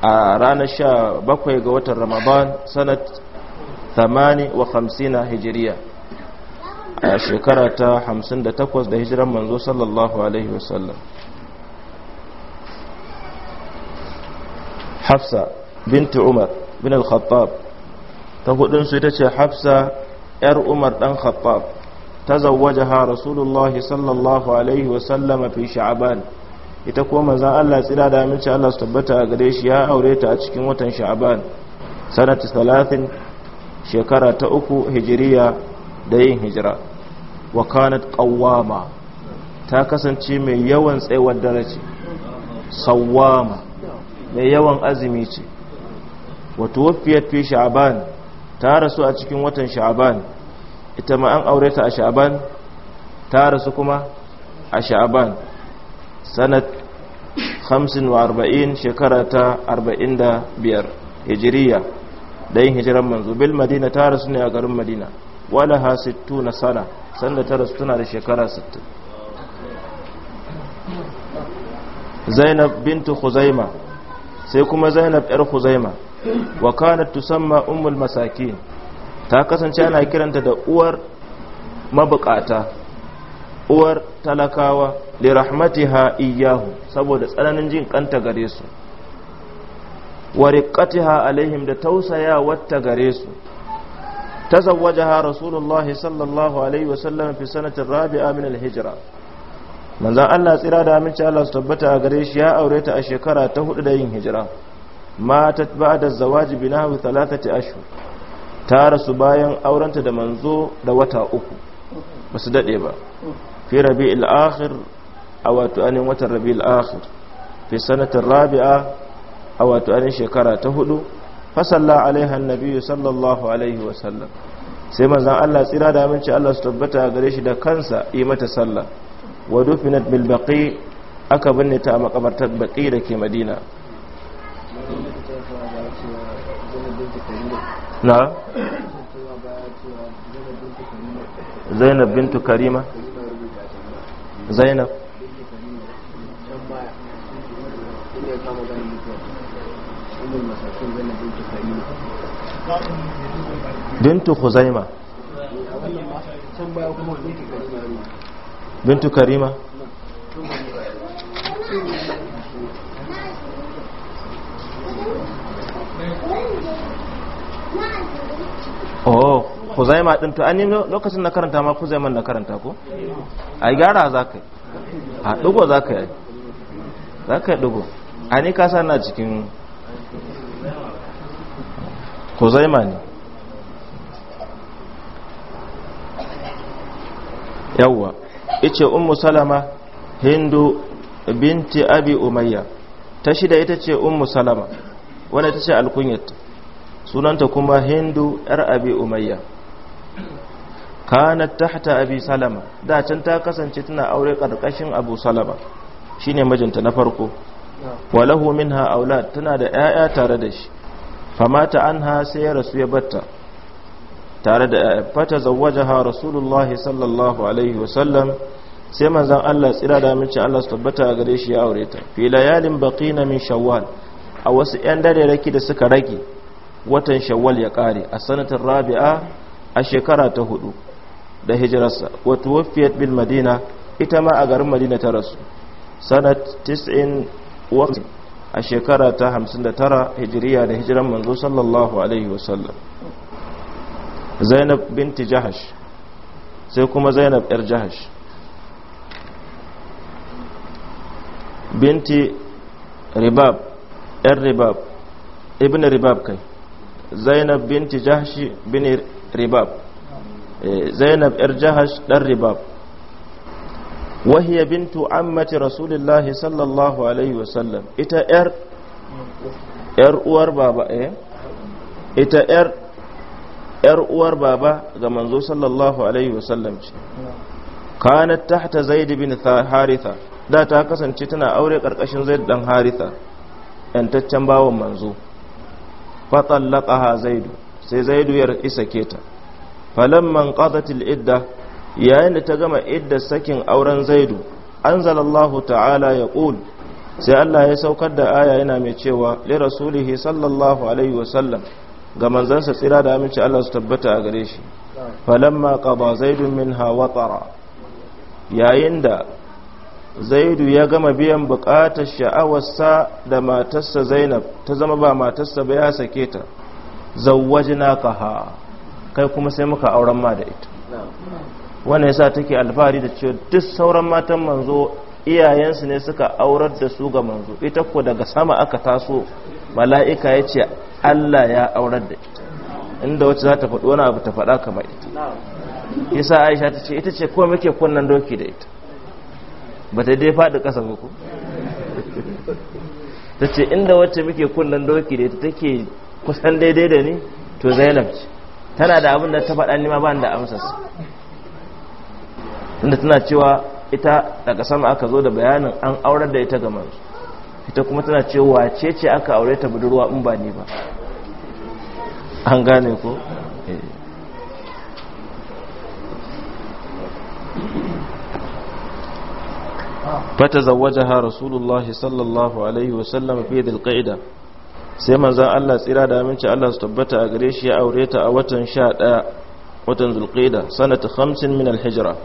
a ranar sha bakwai ga watan ramadan sanat 58 hijiriya a shekara ta 58 da hijiran manzo sallallahu alaihi wasallam hafsa binti umar bin al-khattab ta hudunsu ita ce hafsa yar umar dan khattab ta zawajaha rasulullah sallallahu alaihi wasallam fi sha'ban ita kuma manzan Allah tsira da aminci Allah su tabbata a gare shi ya aure ta a cikin watan sha'ban sanata 30 shekara ta uku hijiriya da yin hijira wa kanat qawwama ta kasance mai yawan tsayawar daraji sawama mai yawan azumi ce wa tuwaffiyat fi sha'ban ta rasu a cikin watan sha'ban ita ma an aure ta a sha'ban ta rasu kuma a sha'ban sanat 45 shekara ta 45 hijiriya da yin hijiran manzo bil madina ta rasu ne a garin madina wala ha sittu na sana sanda ta rasu da shekara 60 Zainab bintu Khuzaima sai kuma Zainab yar Khuzaima wa kanat tusamma ummul masakin ta kasance ana kiranta da uwar mabukata uwar talakawa li rahmatiha iyyahu saboda tsananin jin kanta gare su wa riqqatiha alaihim da tausayawarta gare su tazawwajaha rasulullahi sallallahu alaihi wasallam fi sanatin rabi'a min hijira. manzan Allah tsira da aminci Allah su tabbata a gare shi ya aure ta a shekara ta hudu da yin hijira matat ba'da zawaji bi nahwi thalathati ashhur ta rasu bayan aurenta da manzo da wata uku basu dade ba fi rabi'il akhir a wato anin watan rabi'a a shekara ta hudu fasalla alaiha annabi sallallahu alaihi sallam sai manzon Allah tsira da aminci Allah su tabbata gare shi da kansa yi mata sallah wa dufinat bil baqi aka binne ta a makabartar baqi da ke Madina na Zainab bintu Karima Zainab bintu khuzaima bintu karima oh kuzaima din to an yi lokacin na karanta ma kuzaiman na karanta ko ai gyara zakai a dugo zakai zakai yi ani ka yi a kasa na cikin ko zaima ne yawwa ice ummu salama hindu binti abi umayya ta shida ita ce ummu salama wadda ta ce alkunyata sunanta kuma hindu yar abi umayya kanat tahta abi salama da can ta kasance tana aure karkashin abu salama shine mijinta na farko wa lahu minha aulad tana da 'ya'ya tare da shi famata anha sai ya rasu ya batta tare da fata zawwajaha rasulullahi sallallahu alaihi wasallam sai manzon Allah tsira da mace Allah su tabbata gare shi ya aure ta fi layalin baqina min shawwal a wasu 'yan dare raki da suka rage watan shawwal ya kare a sanatar rabi'a a shekara ta hudu da hijirarsa wa wafiyat bil madina ita ma a garin madina ta rasu sanat wasu a shekara ta 59 hijiriya da hijiran manzo sallallahu alaihi wasallam zainab binti jahash sai kuma zainab yar jahash binti ribab yar ribab ibn ribab kai zainab binti jahashi bin ribab eh, zainab yar jahash dan ribab wahiya bintu ammati rasulillahi sallallahu alaihi wasallam ita uwar baba ita yar uwar baba ga manzo sallallahu alaihi wasallam ce kanat tahta zaid bin haritha da ta kasance tana aure karkashin zaid dan haritha yantaccen bawon manzo fatallaqaha zaid sai zaid ya isake ta falamman qadatil yayin da ta gama idda sakin auren zaidu anzalallahu ta'ala ya ƙul sai Allah ya saukar da aya yana mai cewa li rasulihi sallallahu alaihi wasallam ga manzansa tsira da aminci Allah su tabbata a gare shi falamma qada zaidu minha watara yayin da zaidu ya gama biyan bukatar sha'awarsa da matarsa zainab ta zama ba matarsa ba ya sake ta zawwajnaka kaha kai kuma sai muka auren ma da ita wanda yasa take alfahari da cewa duk sauran matan manzo iyayensu ne suka aurar da su ga manzo ita ko daga sama aka taso mala'ika ya ce Allah ya aurar da ita inda wacce za ta faɗi wani abu ta faɗa kamar ita yasa Aisha ta ce ita ce ko muke kunnan doki da ita ba ta dai faɗi ƙasa ba ku ta ce inda wacce muke kunnan doki da ita take kusan daidai da ni to Zainab ce tana da abin da ta faɗa ni ma ba da amsa tunda tana cewa ita daga sama aka zo da bayanin an aurar da ita ga manzo ita kuma tana cewa ce ce aka aure ta budurwa in ba ni ba an gane ko فتزوجها رسول الله sallallahu alaihi wa sallam في ذي القعده sai manzan Allah tsira da aminci Allah su tabbata a gare shi ya aure ta a watan 11 watan zulqa'da sanata 50 min al-hijra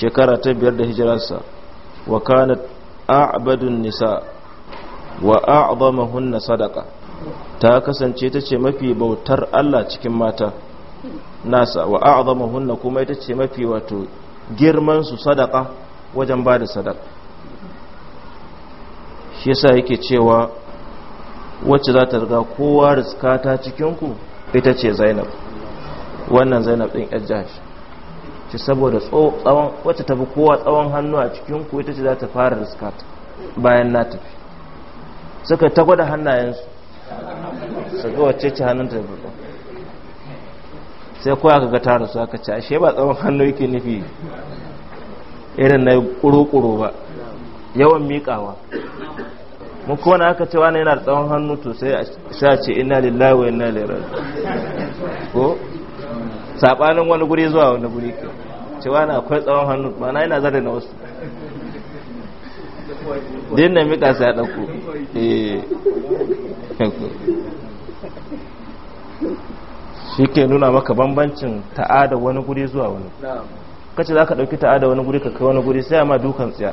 shekara ta biyar da hijirarsa wa kanat a'badun nisa wa hunna sadaka ta kasance ta ce mafi bautar Allah cikin mata nasa wa a'zamahunna kuma ita ce mafi wato girman su sadaqa wajen ba da sadaqa shi yasa yake cewa wacce za ta riga kowa riskata cikin ku ita ce Zainab wannan Zainab din ajjashi ci saboda tsawon wacce tafi kowa tsawon hannu a cikin ku ita ce za ta fara riskata bayan na tafi suka ta gwada hannayensu su ga wacce ce hannun ta buɗe sai kowa ga gata da su aka ci ashe ba tsawon hannu yake nufi irin na ƙuro-ƙuro ba yawan miƙawa mun kowane aka ce wani yana da tsawon hannu to sai a ce ina lillahi wa ina lera ko sabanin wani guri zuwa wani guri ke cewa na akwai tsawon hannu ba na yana zara na wasu din na mika sai ɗauko eh, shi ke nuna maka bambancin ta'ada wani guri zuwa wani kace za ka ɗauki ta'ada wani guri ka kai wani guri sai ma dukan tsiya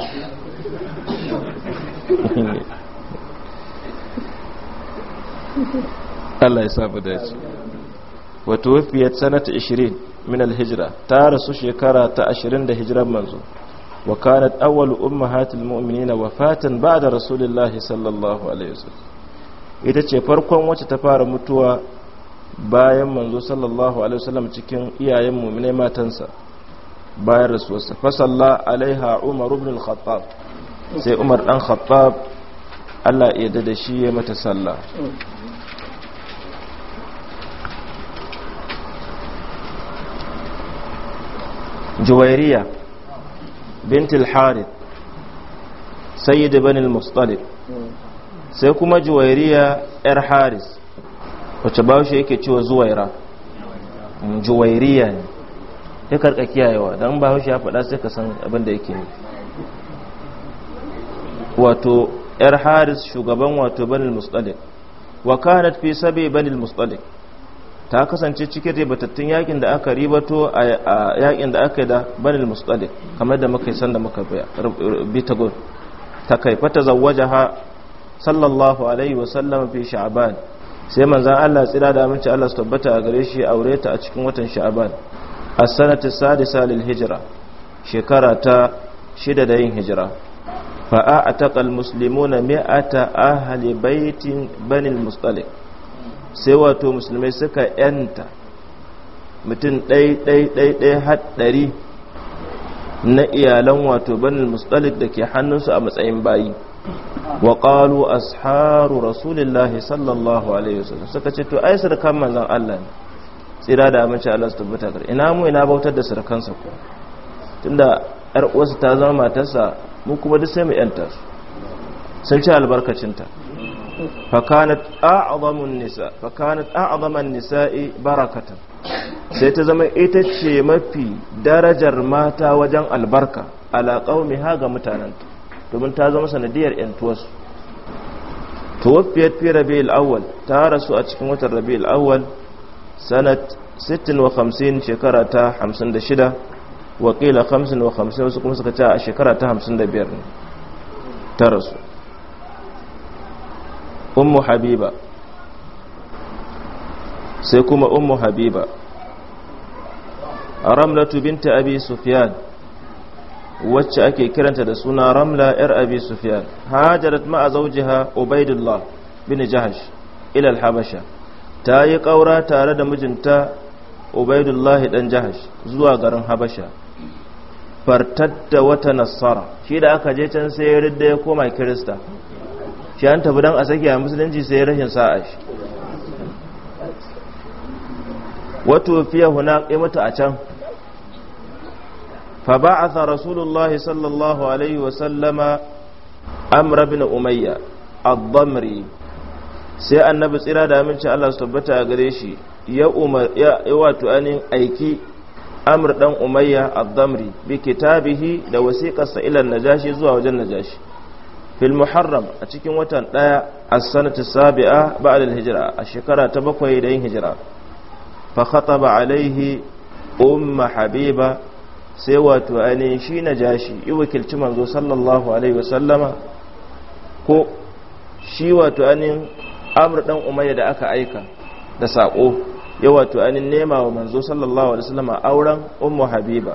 Allah ya sabu dace wato tuwfiyat sanata 20 min al ta rasu shekara ta 20 da hijiran manzo wa kanat awwal ummahatil mu'minina wafatan ba'da rasulillahi sallallahu alaihi wasallam ita ce farkon wacce ta fara mutuwa bayan manzo sallallahu alaihi wasallam cikin iyayen mu'minai matansa bayan rasuwarsa fa salla alaiha umar ibn al-khattab sai umar dan khattab Allah ya yarda da shi ya mata sallah juwairiya bintul harith sayyid banil mustalib sai kuma juwairiya yar haris wacce ba bashi yake cewa zuwaira juwairiya ne ya karka kiyayewa don bahaushe ya faɗa sai ka san abin da yake ne wato yar haris shugaban wato banil mustalib wa kanat fi sabi banil mustalib ta kasance cikin da batattun yakin da aka ribato a yakin da aka yi da banil mustalif kamar da muka yi sanda muka bi ta gun ta kai fata zawaja ha sallallahu alaihi wasallam fi sha'aban sai manzan allah tsira da aminci allah su tabbata a gare shi aure ta a cikin watan sha'aban a sanata sadisa salil hijira shekara ta shida da yin hijira fa'a a taƙal musulmi na mi'ata ahali baitin banil mustalif sai wato musulmai suka yanta mutum ɗai-ɗai-ɗai haɗari na iyalan wato banin musulmai da ke hannunsu a matsayin bayi wa ƙalu asharu rasulillahi sallallahu alaihi wasallam suka ce to ai sirkan manzan Allah ne tsira da amince Allah su tabbata gari ina mu ina bautar da surukansa ko tunda yar uwarsa ta zama matarsa mu kuma duk sai mu yanta su sun ci albarkacinta fakanat a'zamun nisa fakanat a'zaman nisa'i barakatan sai ta zama ita ce mafi darajar mata wajen albarka ala qaumi ha ga mutananta domin ta zama sanadiyar yantuwarsu tuwaffiyat fi rabi'il awal ta rasu a cikin watan rabi'il awwal sanat 56 shekara ta 56 wakila 55 wasu kuma suka ce a shekara ta 55 ne ta rasu ummu habiba sai kuma ummu habiba ramlatu binta abi sufyan wacce ake kiranta da suna ramla yar abi sufyan hajarat ma'a zawjiha ubaidullah bin jahash ila al-habasha ta yi kaura tare da mijinta ubaidullahi dan jahash zuwa garin habasha fartatta wata nasara shi da aka je can sai ya ridda ya koma kirista shi an tafi don a sake a musulunci sai rashin sa'a shi wato fiye huna ya a can fa ba'atha rasulullahi sallallahu alaihi wa sallama amr umayya ad-damri sai annabi tsira da aminci Allah su tabbata a gare shi ya umar ya wato anin aiki amr dan umayya ad-damri bi kitabihi da wasiqarsa ila najashi zuwa wajen najashi bil muharram a cikin watan ɗaya a sanatu sabi'a ba'da al-hijra a shekara ta bakwai da yin hijira fa khataba alaihi umma habiba sai wato ainihin shi najashi yi wakilci manzo sallallahu alaihi wasallama ko shi wato ainihin amur dan umayya da aka aika da sako ya wato ainihin nema manzo sallallahu auren ummu habiba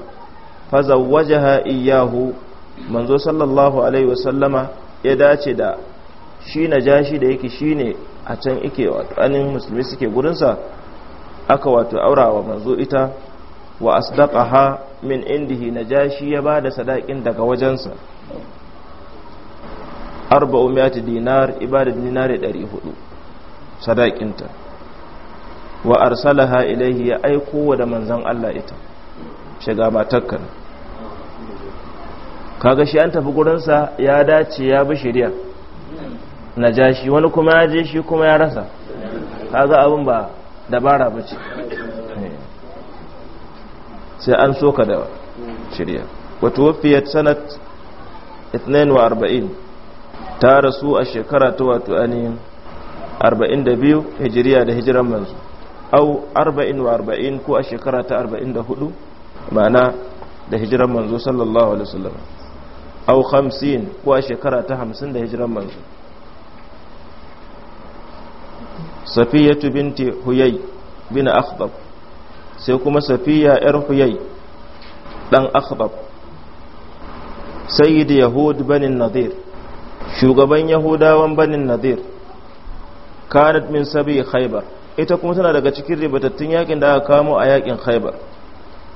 iyyahu manzo sallallahu ya dace da shi na jashi da yake shi ne a can ike wato anin musulmi suke gurinsa aka wato aurawa manzo ita wa asdaqaha min indihi na shi ya ba da sadakin daga wajensa arba'u miyati dinar ibada dinari ɗari hudu sadakinta wa arsalaha ilaihi ya aiko wa da manzan Allah ita shiga matakkan kaga shi an tafi gurinsa ya dace ya bi shari'a na ja shi wani kuma ya je shi kuma ya rasa kaga abin ba dabara ba ce sai an so ka da shari'a wata wafiyar sanat 42 ta rasu a shekara ta wato ainihin 42 hijiriya da hijiran manzo au 40 ko a shekara ta 44 ma'ana da hijiran manzo sallallahu alaihi wasallam au hamsin ko a shekara ta hamsin da hijiran manzo safiyatu binti huyai bin akhbab sai kuma safiya yar huyai dan akhbab sayyid yahud banin nadir shugaban yahudawan banin nadir kanat min sabi khaybar ita kuma tana daga cikin ribatattun yakin da aka kamo a yakin khaybar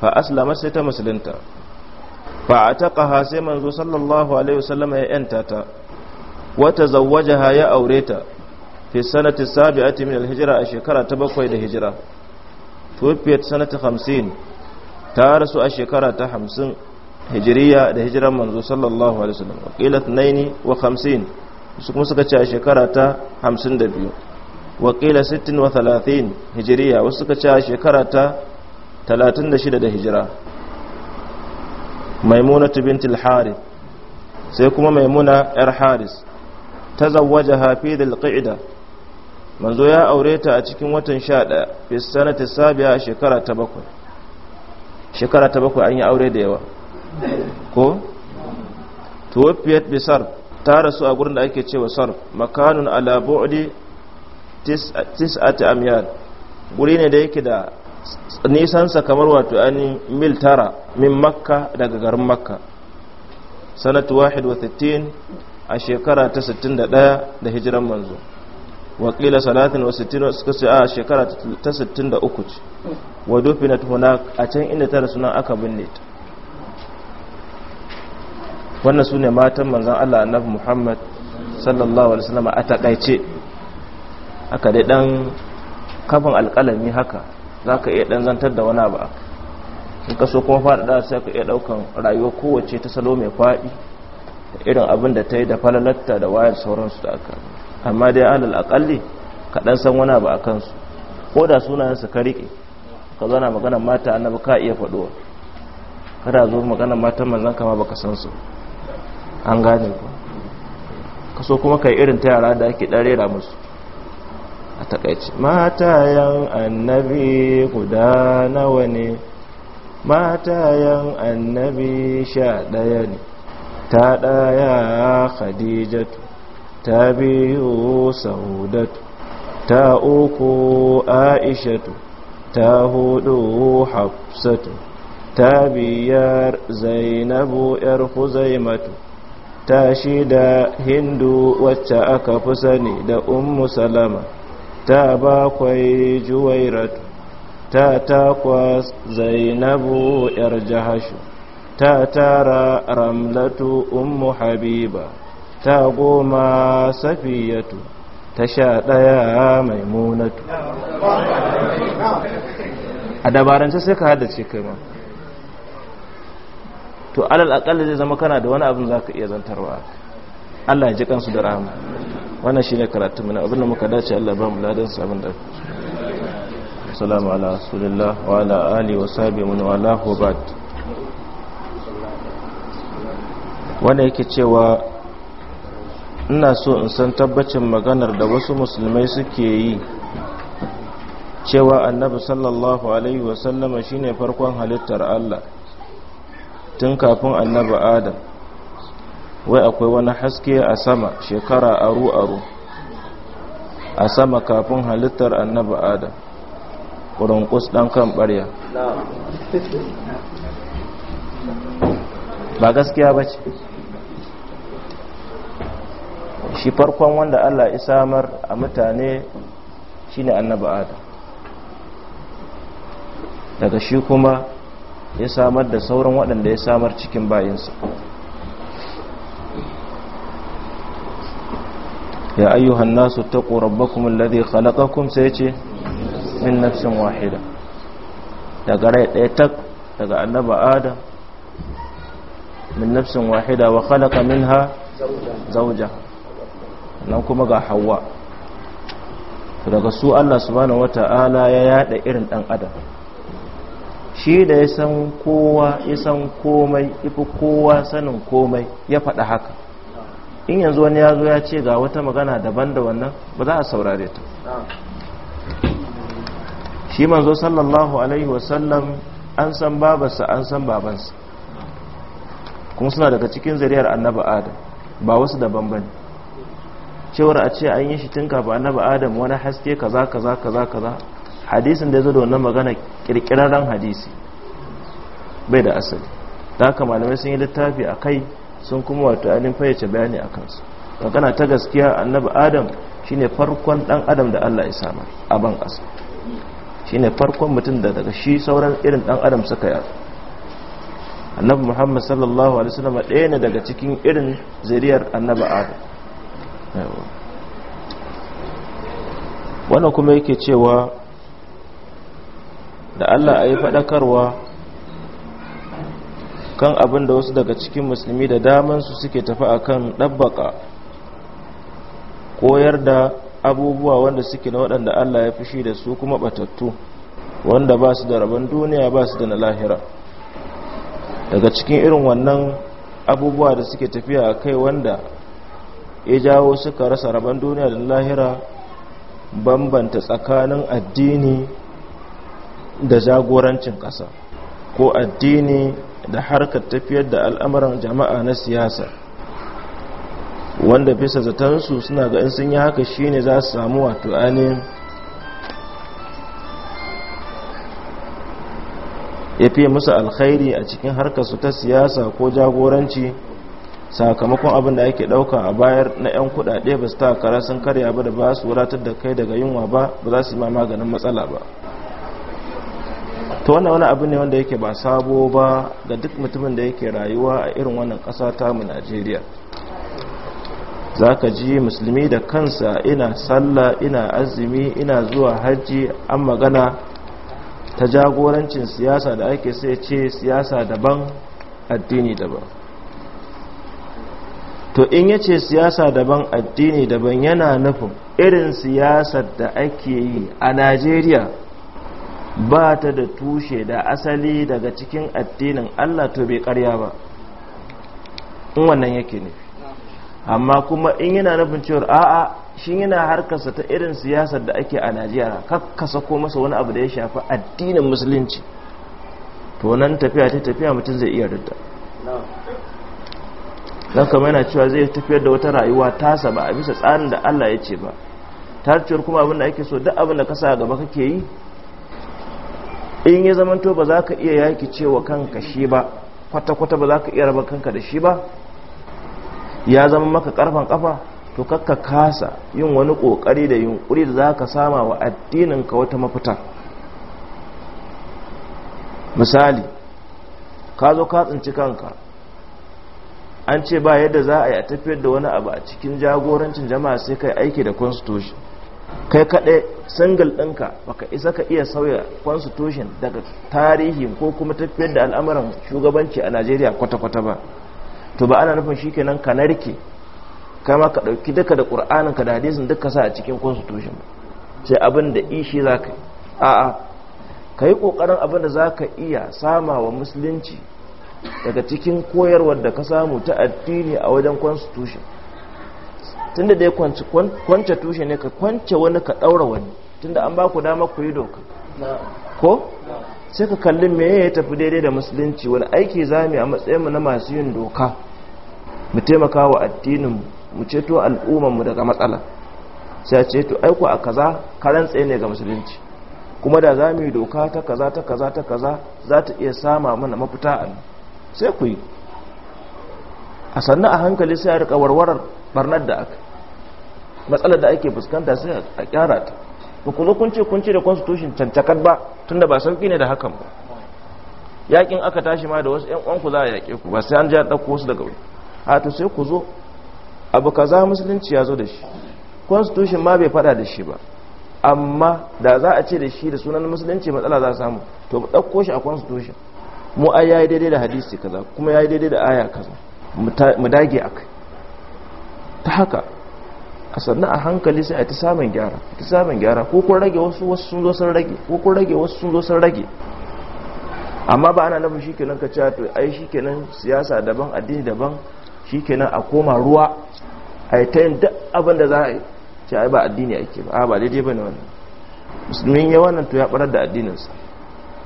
fa aslama sai ta musulunta fa ataqaha sai manzo sallallahu alaihi wasallam ya yanta ta wata tazawwajaha ya aure ta fi sanati sabi'ati min al a shekara ta bakwai da hijira tuwfiyat sanata 50 ta rasu a shekara ta 50 hijiriya da hijiran manzo sallallahu alaihi wasallam waqilat 52 wa 50 su kuma suka ce a shekara ta 52 wa 36 hijiriya wasu suka ce a shekara ta 36 da hijira maimuna tubintil hari sai kuma maimuna yar haris ta zawaja hafi da alƙa'ida manzo ya aure ta a cikin watan sha ɗaya fi sanata sabiya shekara ta bakwai shekara ta bakwai an yi aure da yawa ko? tuwafiyat bisar ta rasu a gurin da ake cewa sar makanun alabu'adi tis'ati amyal guri ne da yake da nisansa kamar wato ainihin mil tara min makka daga garin makka sanatu 61 wa a shekara ta 61 da hijiran manzo wakila salatin wa 60 suka ce a shekara ta 63 ce wa dufinat hunak a can inda tara suna aka binne ta wannan su ne matan manzan Allah annabi Muhammad sallallahu alaihi wasallam a takaice haka dai dan kafin alƙalami haka za ka iya ɗan zantar da wani abu in ka so kuma faɗaɗa sai ka iya ɗaukan rayuwa kowace ta salo mai faɗi irin abin da ta yi da falalatta da wayar sauransu da aka amma dai alal akalli ka ɗan san wani abu a kansu ko da sunayensu ka riƙe ka zana magana mata annabi ka iya faɗuwa kada zo mata matan manzan kama baka san su an gane ku ka so kuma kai irin ta yara da ake ɗarera musu a takaici matayen annabi guda nawa ne matayen annabi sha ɗaya ne ta ɗaya khadijatu ta biyu saudatu ta uku aishatu ta hudu hafsatu ta biyar zainabu yar huzaimatu ta shida hindu wacce aka fi sani da ummu salama ta bakwai juwairat ta takwas zainabu yar jahashu ta tara ramlatu ummu habiba ta goma safiyatu ta sha ɗaya maimunatu a dabarance sai ka ce kai ma to alal akalla zai zama kana da wani abin za ka iya zantarwa Allah ya ji kansu da rahama wannan shine karatu mana abinda muka dace Allah ba mu ladan sabon da assalamu ala rasulillah wa ala alihi wa sahbihi wa ala hubat wanda yake cewa ina so in san tabbacin maganar da wasu musulmai suke yi cewa annabi sallallahu alaihi wa sallama shine farkon halittar Allah tun kafin annabi Adam wai akwai wani haske a sama shekara aru-aru a sama kafin halittar annaba adam ƙurunkus ɗan kan ɓarya ba gaskiya ba ce shi farkon wanda allah isamar a mutane shine annaba adam daga shi kuma ya samar da sauran waɗanda ya samar cikin bayinsa ya ayyuhan nasu ta ƙorabba kuma lade halaka kuma sai ce min nafsin wahida daga rai ɗaya daga annaba adam min nafsin wahida wa halaka min ha zauja nan kuma ga hawa daga su allah subhanahu wa ta'ala ya yada irin ɗan adam shi da ya san kowa ya san komai ifi kowa sanin komai ya faɗa haka in yanzu wani ya zo ya ce ga wata magana daban da wannan ba za a saurare ta shi manzo sallallahu alaihi wasallam an san babarsa an san babansa kuma suna daga cikin zariyar annabi adam ba wasu daban bane cewar a ce an yi shi tun kafin annabi adam wani haske kaza kaza kaza kaza hadisin da ya zo da wannan magana kirkirarren hadisi bai da asali da haka malamai sun yi littafi a kai sun kuma wato ainihin fayyace bayani a kansu magana ta gaskiya annabi adam shine farkon dan adam da Allah ya samar a ban ƙasa shine farkon mutum da daga shi sauran irin dan adam suka yi annabi muhammad sallallahu alaihi wasallam ɗaya ne daga cikin irin zuriyar annabi adam wannan kuma yake cewa da Allah a yi faɗakarwa kan abin da wasu daga cikin musulmi da su suke tafi a kan ɗabbaka koyar da abubuwa wanda suke na waɗanda Allah ya fushi da su kuma batattu wanda ba su da rabon duniya ba su da na lahira daga cikin irin wannan abubuwa da suke tafiya a kai wanda ya jawo suka rasa rabon duniya da lahira bambanta tsakanin addini da jagorancin ƙasa ko addini da harkar tafiyar da al'amuran jama'a na siyasa wanda bisa zatansu suna ga in sun yi haka shi ne za su samu wato ainihin ya fiye musu alkhairi a cikin harkarsu ta siyasa ko jagoranci sakamakon abin da ake dauka a bayar na 'yan kudade ba su ta kara sun karya ba da ba su wadatar da kai daga yunwa ba ba za su yi maganin matsala ba to wannan wani abu ne wanda yake ba sabo ba ga duk mutumin da yake rayuwa a irin wannan ƙasa ta mu Najeriya zaka ji musulmi da kansa ina sallah ina azumi ina zuwa hajji an magana ta jagorancin siyasa da ake sai ce siyasa daban addini daban to in ya ce siyasa daban addini daban yana nufin irin siyasar da ake yi a najeriya ba ta da tushe da asali daga cikin addinin Allah to bai karya ba in wannan yake ne amma kuma in yana nufin cewar a'a shi yana harkarsa ta irin siyasar da ake a Najeriya kakkasa ko masa wani abu da ya shafi addinin musulunci to nan tafiya ta tafiya mutum zai iya rudda Dan kama yana cewa zai tafiyar da wata rayuwa tasa ba a bisa tsarin da Allah ya ce ba tarciyar kuma abin da ake so duk abin da kasa gaba kake yi in ya zamanto ba za ka iya yaki cewa kanka shi ba kwata-kwata ba za ka iya raba kanka da shi ba ya zama maka karfan kafa to kakka kasa yin wani kokari da yunkuri da za ka sama wa addininka wata mafita misali ka zo ka tsinci kanka an ce ba yadda za a yi a tafiyar da wani abu a cikin jagorancin jama'a sai kai aiki da constitution kai kaɗai singal ɗinka baka isa ka iya sauya constitution daga tarihi ko kuma tafiyar da al'amuran shugabanci a najeriya kwata-kwata ba to ba ana nufin shikenan ka narke kama ka ɗauki duka da ƙur'anin ka da hadisin duka sa a cikin constitution sai abin da ishi za ka yi a'a ka yi ƙoƙarin abin da za ka iya sama wa musulunci daga cikin koyarwar da ka samu ta addini a wajen constitution tunda da ya kwance tushe ne ka kwance wani ka ɗaura wani tunda an ba ku dama ku yi doka ko sai ka kalli me ya tafi daidai da musulunci wani aiki za mu a matsayinmu na masu yin doka mu taimaka wa addinin mu ceto mu daga matsala sai a ceto aiko a kaza karan ne ga musulunci kuma da za mu yi doka ta kaza ta kaza ta kaza za ta iya sama mana mafita a sai ku yi a sannan a hankali sai a riƙa warwarar barnar da aka matsalar da ake fuskanta sai a kyara ta ba ku zo kun ce kun ce da constitution cancakar ba tunda ba sauki ne da hakan ba yakin aka tashi ma da wasu yan uwanku za a yaƙe ku ba sai an ji an ɗauko wasu daga wani a to sai ku zo abu kaza musulunci ya zo da shi constitution ma bai fada da shi ba amma da za a ce da shi da sunan musulunci matsala za a samu to mu dauko shi a constitution mu ai yayi daidai da hadisi kaza kuma yayi daidai da aya kaza mu dage akai ta haka a sannan a hankali sai a ta samun gyara ta samun gyara ko kun rage wasu wasu sun zo sun rage ko kun rage wasu sun zo sun rage amma ba ana nufin shikenan ka cewa to ai shikenan siyasa daban addini daban shikenan a koma ruwa a yi ta yin duk abin da za a yi ce ai ba addini ake ba ba daidai ba ne wannan musulmin ya wannan to ya barar da addininsa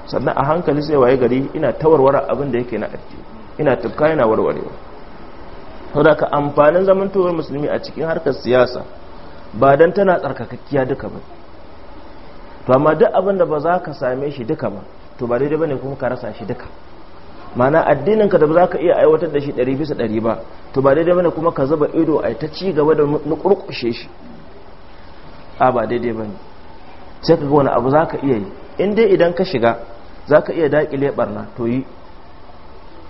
sannan a hankali sai waye gari ina tawarwara abin da yake na addini ina tukka na warwarewa saboda ka amfanin tuwar musulmi a cikin harkar siyasa ba don tana tsarkakakkiya duka ba to amma duk abinda ba za ka same shi duka ba to ba daidai ba ne kuma ka rasa shi duka mana addininka da ba za ka iya aiwatar da shi ɗari bisa ɗari ba to ba daidai ba ne kuma ka zuba ido a ta ci gaba da nukurkushe shi a ba daidai ba ne sai ka ga wani abu za ka iya yi in dai idan ka shiga za ka iya daƙile barna to yi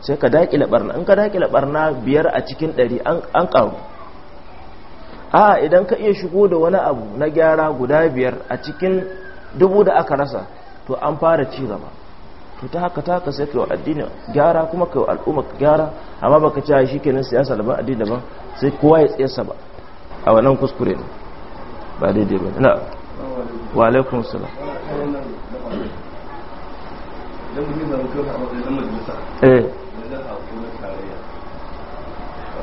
sai ka daƙila barna in ka daƙila barna biyar a cikin ɗari an ƙaru a idan ka iya shigo da wani abu na gyara guda biyar a cikin dubu da aka rasa to an fara ci gaba to ta haka ta haka sai kai wa addini gyara kuma yi wa al'umma gyara amma baka ci shi kenan siyasa daban addini daban sai kowa ya tsayarsa ba a wannan kuskure ne ba daidai ba na wa alaikum salam eh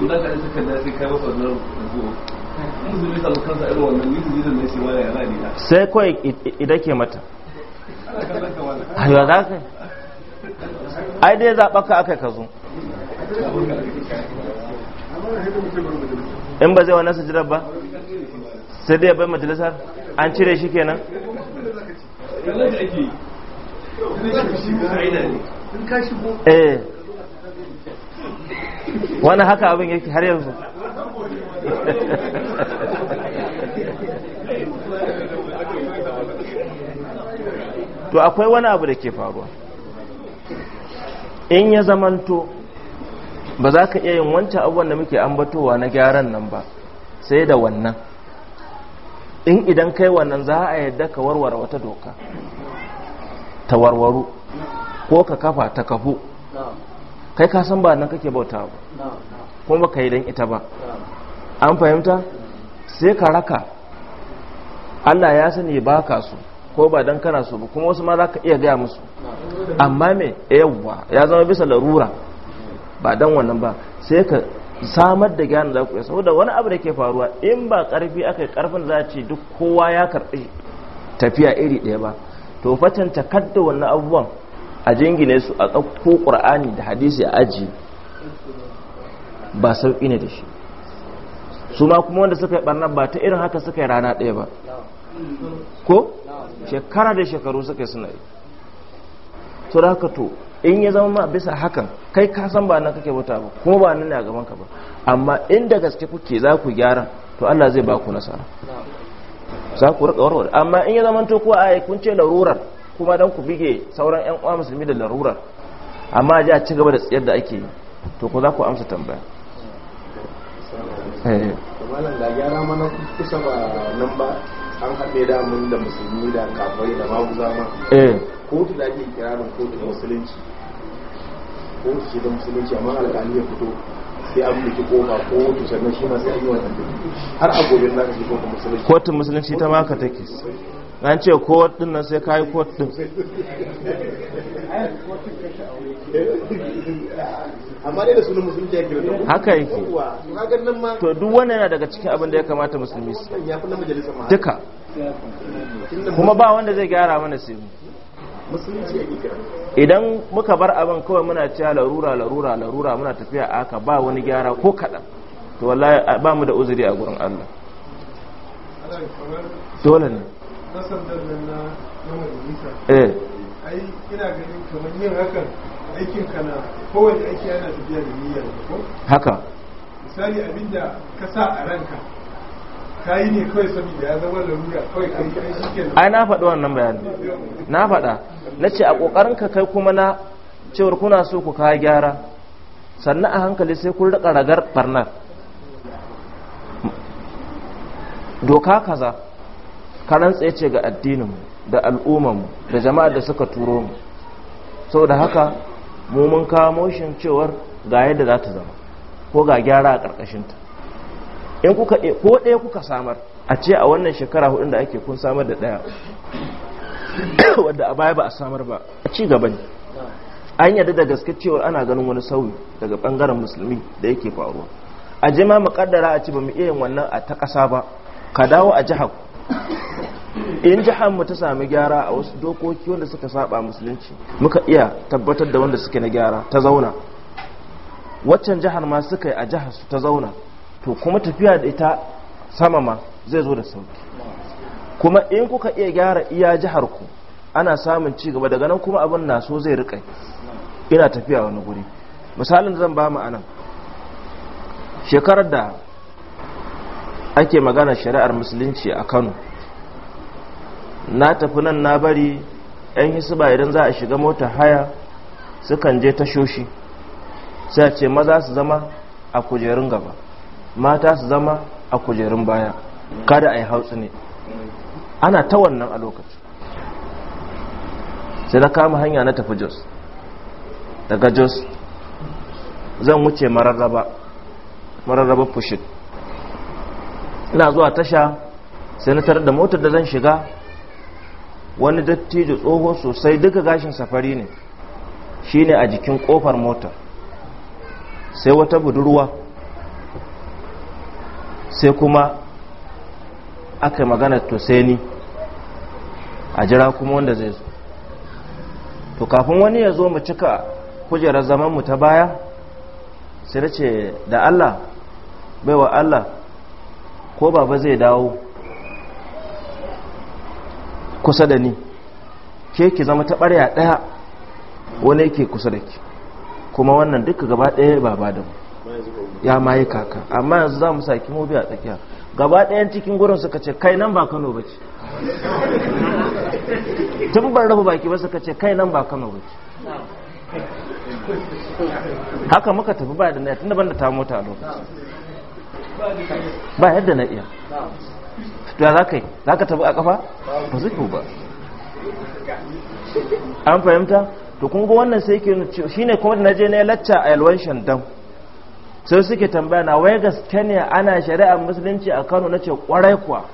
in da ka rasa kalla sai kai masa wannan zuwa musulmi samu kansa irin wannan ni da mai shi wani yana ne sai kawai idan ke mata aiwa za ka ai dai zaɓa ka aka ka zo in ba zai wani sujurar ba sai dai ya bai majalisar an cire shi kenan eh wani haka abin yake har yanzu to akwai wani abu da ke faruwa in ya zamanto ba za ka iya yin wancan abubuwan da muke ambatowa na gyaran nan ba sai da wannan in idan kai wannan za a yadda ka warware wata doka ta warwaru ko ka kafa ta kafu kai ka san ba nan kake bauta ba kuma ka yi don ita ba an fahimta sai ka raka Allah ya sani ba ka so ko ba don kana su ba kuma wasu ma za ka iya gaya musu amma me yawwa ya zama bisa larura ba don wannan ba sai ka samar da gyanin za ku yi saboda wani abu da ke faruwa in ba karfi aka yi karfin za ce duk kowa ya karɓi tafiya iri ɗaya ba to fatanta kadda wannan abubuwan a jingine su a ɗauko ƙura'ani da hadisi a aji ba sauƙi ne da shi su ma kuma wanda suka yi ɓarnar ba ta irin haka suka yi rana ɗaya ba ko shekara da shekaru suka yi suna yi to da haka to in ya zama ma bisa hakan kai ka san ba nan kake wuta ba kuma ba nan ne a gaban ka ba amma inda gaske kuke za ku gyara to Allah zai ba ku nasara za ku rika warware amma in ya zama to kuwa ai kun ce larurar kuma don ku bige sauran ƴan uwa musulmi da larurar amma ji a ci gaba da tsayar da ake yi to ku za ku amsa tambaya eh. malam da gyara ku kusa ba nan ba an haɗe damun da musulmi da kafai da maguza Ko eh. kotu da ake kiranin ko da musulunci kotu ce da musulunci amma alƙali ya fito sai an biki ko kotu sannan shi ma sai an yi wannan har a gobe na ka shi kotu musulunci kotun musulunci ta maka take an ce kot din nan sai kayi kot din amma dai da sunan musulunci yake da haka yake to duk wannan yana daga cikin abin da ya kamata musulmi su duka kuma ba wanda zai gyara mana sai mu idan muka bar abin kawai muna cewa larura larura larura muna tafiya a haka ba wani gyara ko kaɗan to wallahi ba mu da uzuri a gurin Allah dole ne nan na eh ai ina ganin kamar yin hakan aikin kana kowace aiki yana tafiya da niyya ko haka misali abinda ka sa a ranka ka yi ne kawai saboda ya zama larura kawai kai yi ke nan. ai na faɗi wannan bayani na faɗa na ce a ƙoƙarin ka kai kuma na cewar kuna so ku kawo gyara sannan a hankali sai kun riƙa ragar barnar doka kaza ka tsaye ce ga addinin da al'umman da jama'ar da suka turo mu da haka mu mun kawo cewar ga yadda za ta zama ko ga gyara a ƙarƙashinta in kuka eh, ko ɗaya kuka samar a ce a wannan shekara hudun da ake kun samar da ɗaya wadda a baya ba a samar ba a ci gaba ne an yadda da gaske cewar ana ganin wani sauyi daga ɓangaren musulmi da yake faruwa a jima mu kaddara a ci ba mu iya yin wannan a ta ƙasa ba ka dawo a jihar in jihar mu ta sami gyara a wasu dokoki wanda suka saba musulunci muka iya tabbatar da wanda suke na gyara ta zauna waccan jihar ma suka yi a jihar su ta zauna to kuma tafiya da ita sama ma zai zo da sauki kuma in kuka iya gyara iya jihar ku ana samun ci gaba daga nan kuma abin nasu zai rika ina tafiya wani guri misalin zan ba ma'anan anan shekarar da ake magana shari'ar musulunci a kano na tafi nan na bari 'yan hisba idan za a shiga mota haya sukan je tashoshi sai ce maza su zama a kujerun gaba mata su zama a kujerun baya kada a yi hautsu ne ana ta wannan a lokaci sai na kama hanya na tafi jos daga jos zan wuce mararraba mararraba fushin ina zuwa tasha sai na tarar da motar da zan shiga wani datti da tsoho sosai duka gashin safari ne shine a jikin kofar motar sai wata budurwa sai kuma aka yi magana to sai a jira kuma wanda zai zo to kafin wani ya zo mu cika kujerar mu ta baya sai da ce da allah baiwa allah ko baba zai dawo kusa da ni ke ki zama ta ɓarya ɗaya wani yake kusa da ki kuma wannan duka gaba ɗaya baba da mu ya ma yi kaka amma yanzu za mu saki mobi a tsakiya gaba ɗayan cikin gurin suka ce kai nan ba kano ba ce tun ban rabu baki ba suka ce kai nan ba kano ba ce haka muka tafi ba da na tun da ban da ta mota a lokaci ba yadda na iya ya za ka yi za ka tabi a kafa ba zai ba an fahimta to kuma wannan sai ke shi ne kuma da na je na lacca a yalwan shandam sai suke tambaya na wai gaske ne ana shari'ar musulunci a kano na ce kwarai kuwa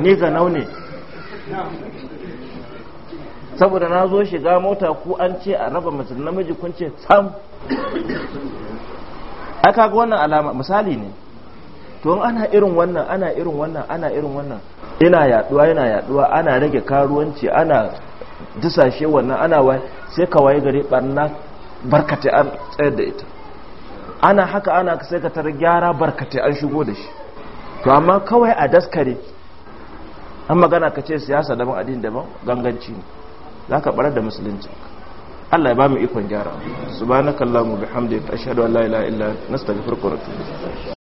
ni ga naune saboda na zo shiga mota ku an ce a raba mace namiji kun ce sam ai kaga wannan alama misali ne to ana irin wannan ana irin wannan ana irin wannan ina yaduwa yana yaduwa ana rage karuwanci ana dusashe wannan ana wai sai ka waye gari barna barkate an tsayar da ita ana haka ana sai ka tar gyara barkate an shigo da shi to amma kawai a daskare an magana ka ce siyasa daban addini daban ganganci ne za barar da musulunci Allah ya ba mu ikon gyara subhanakallahumma bihamdika ashhadu an la ilaha illa anta astaghfiruka wa atubu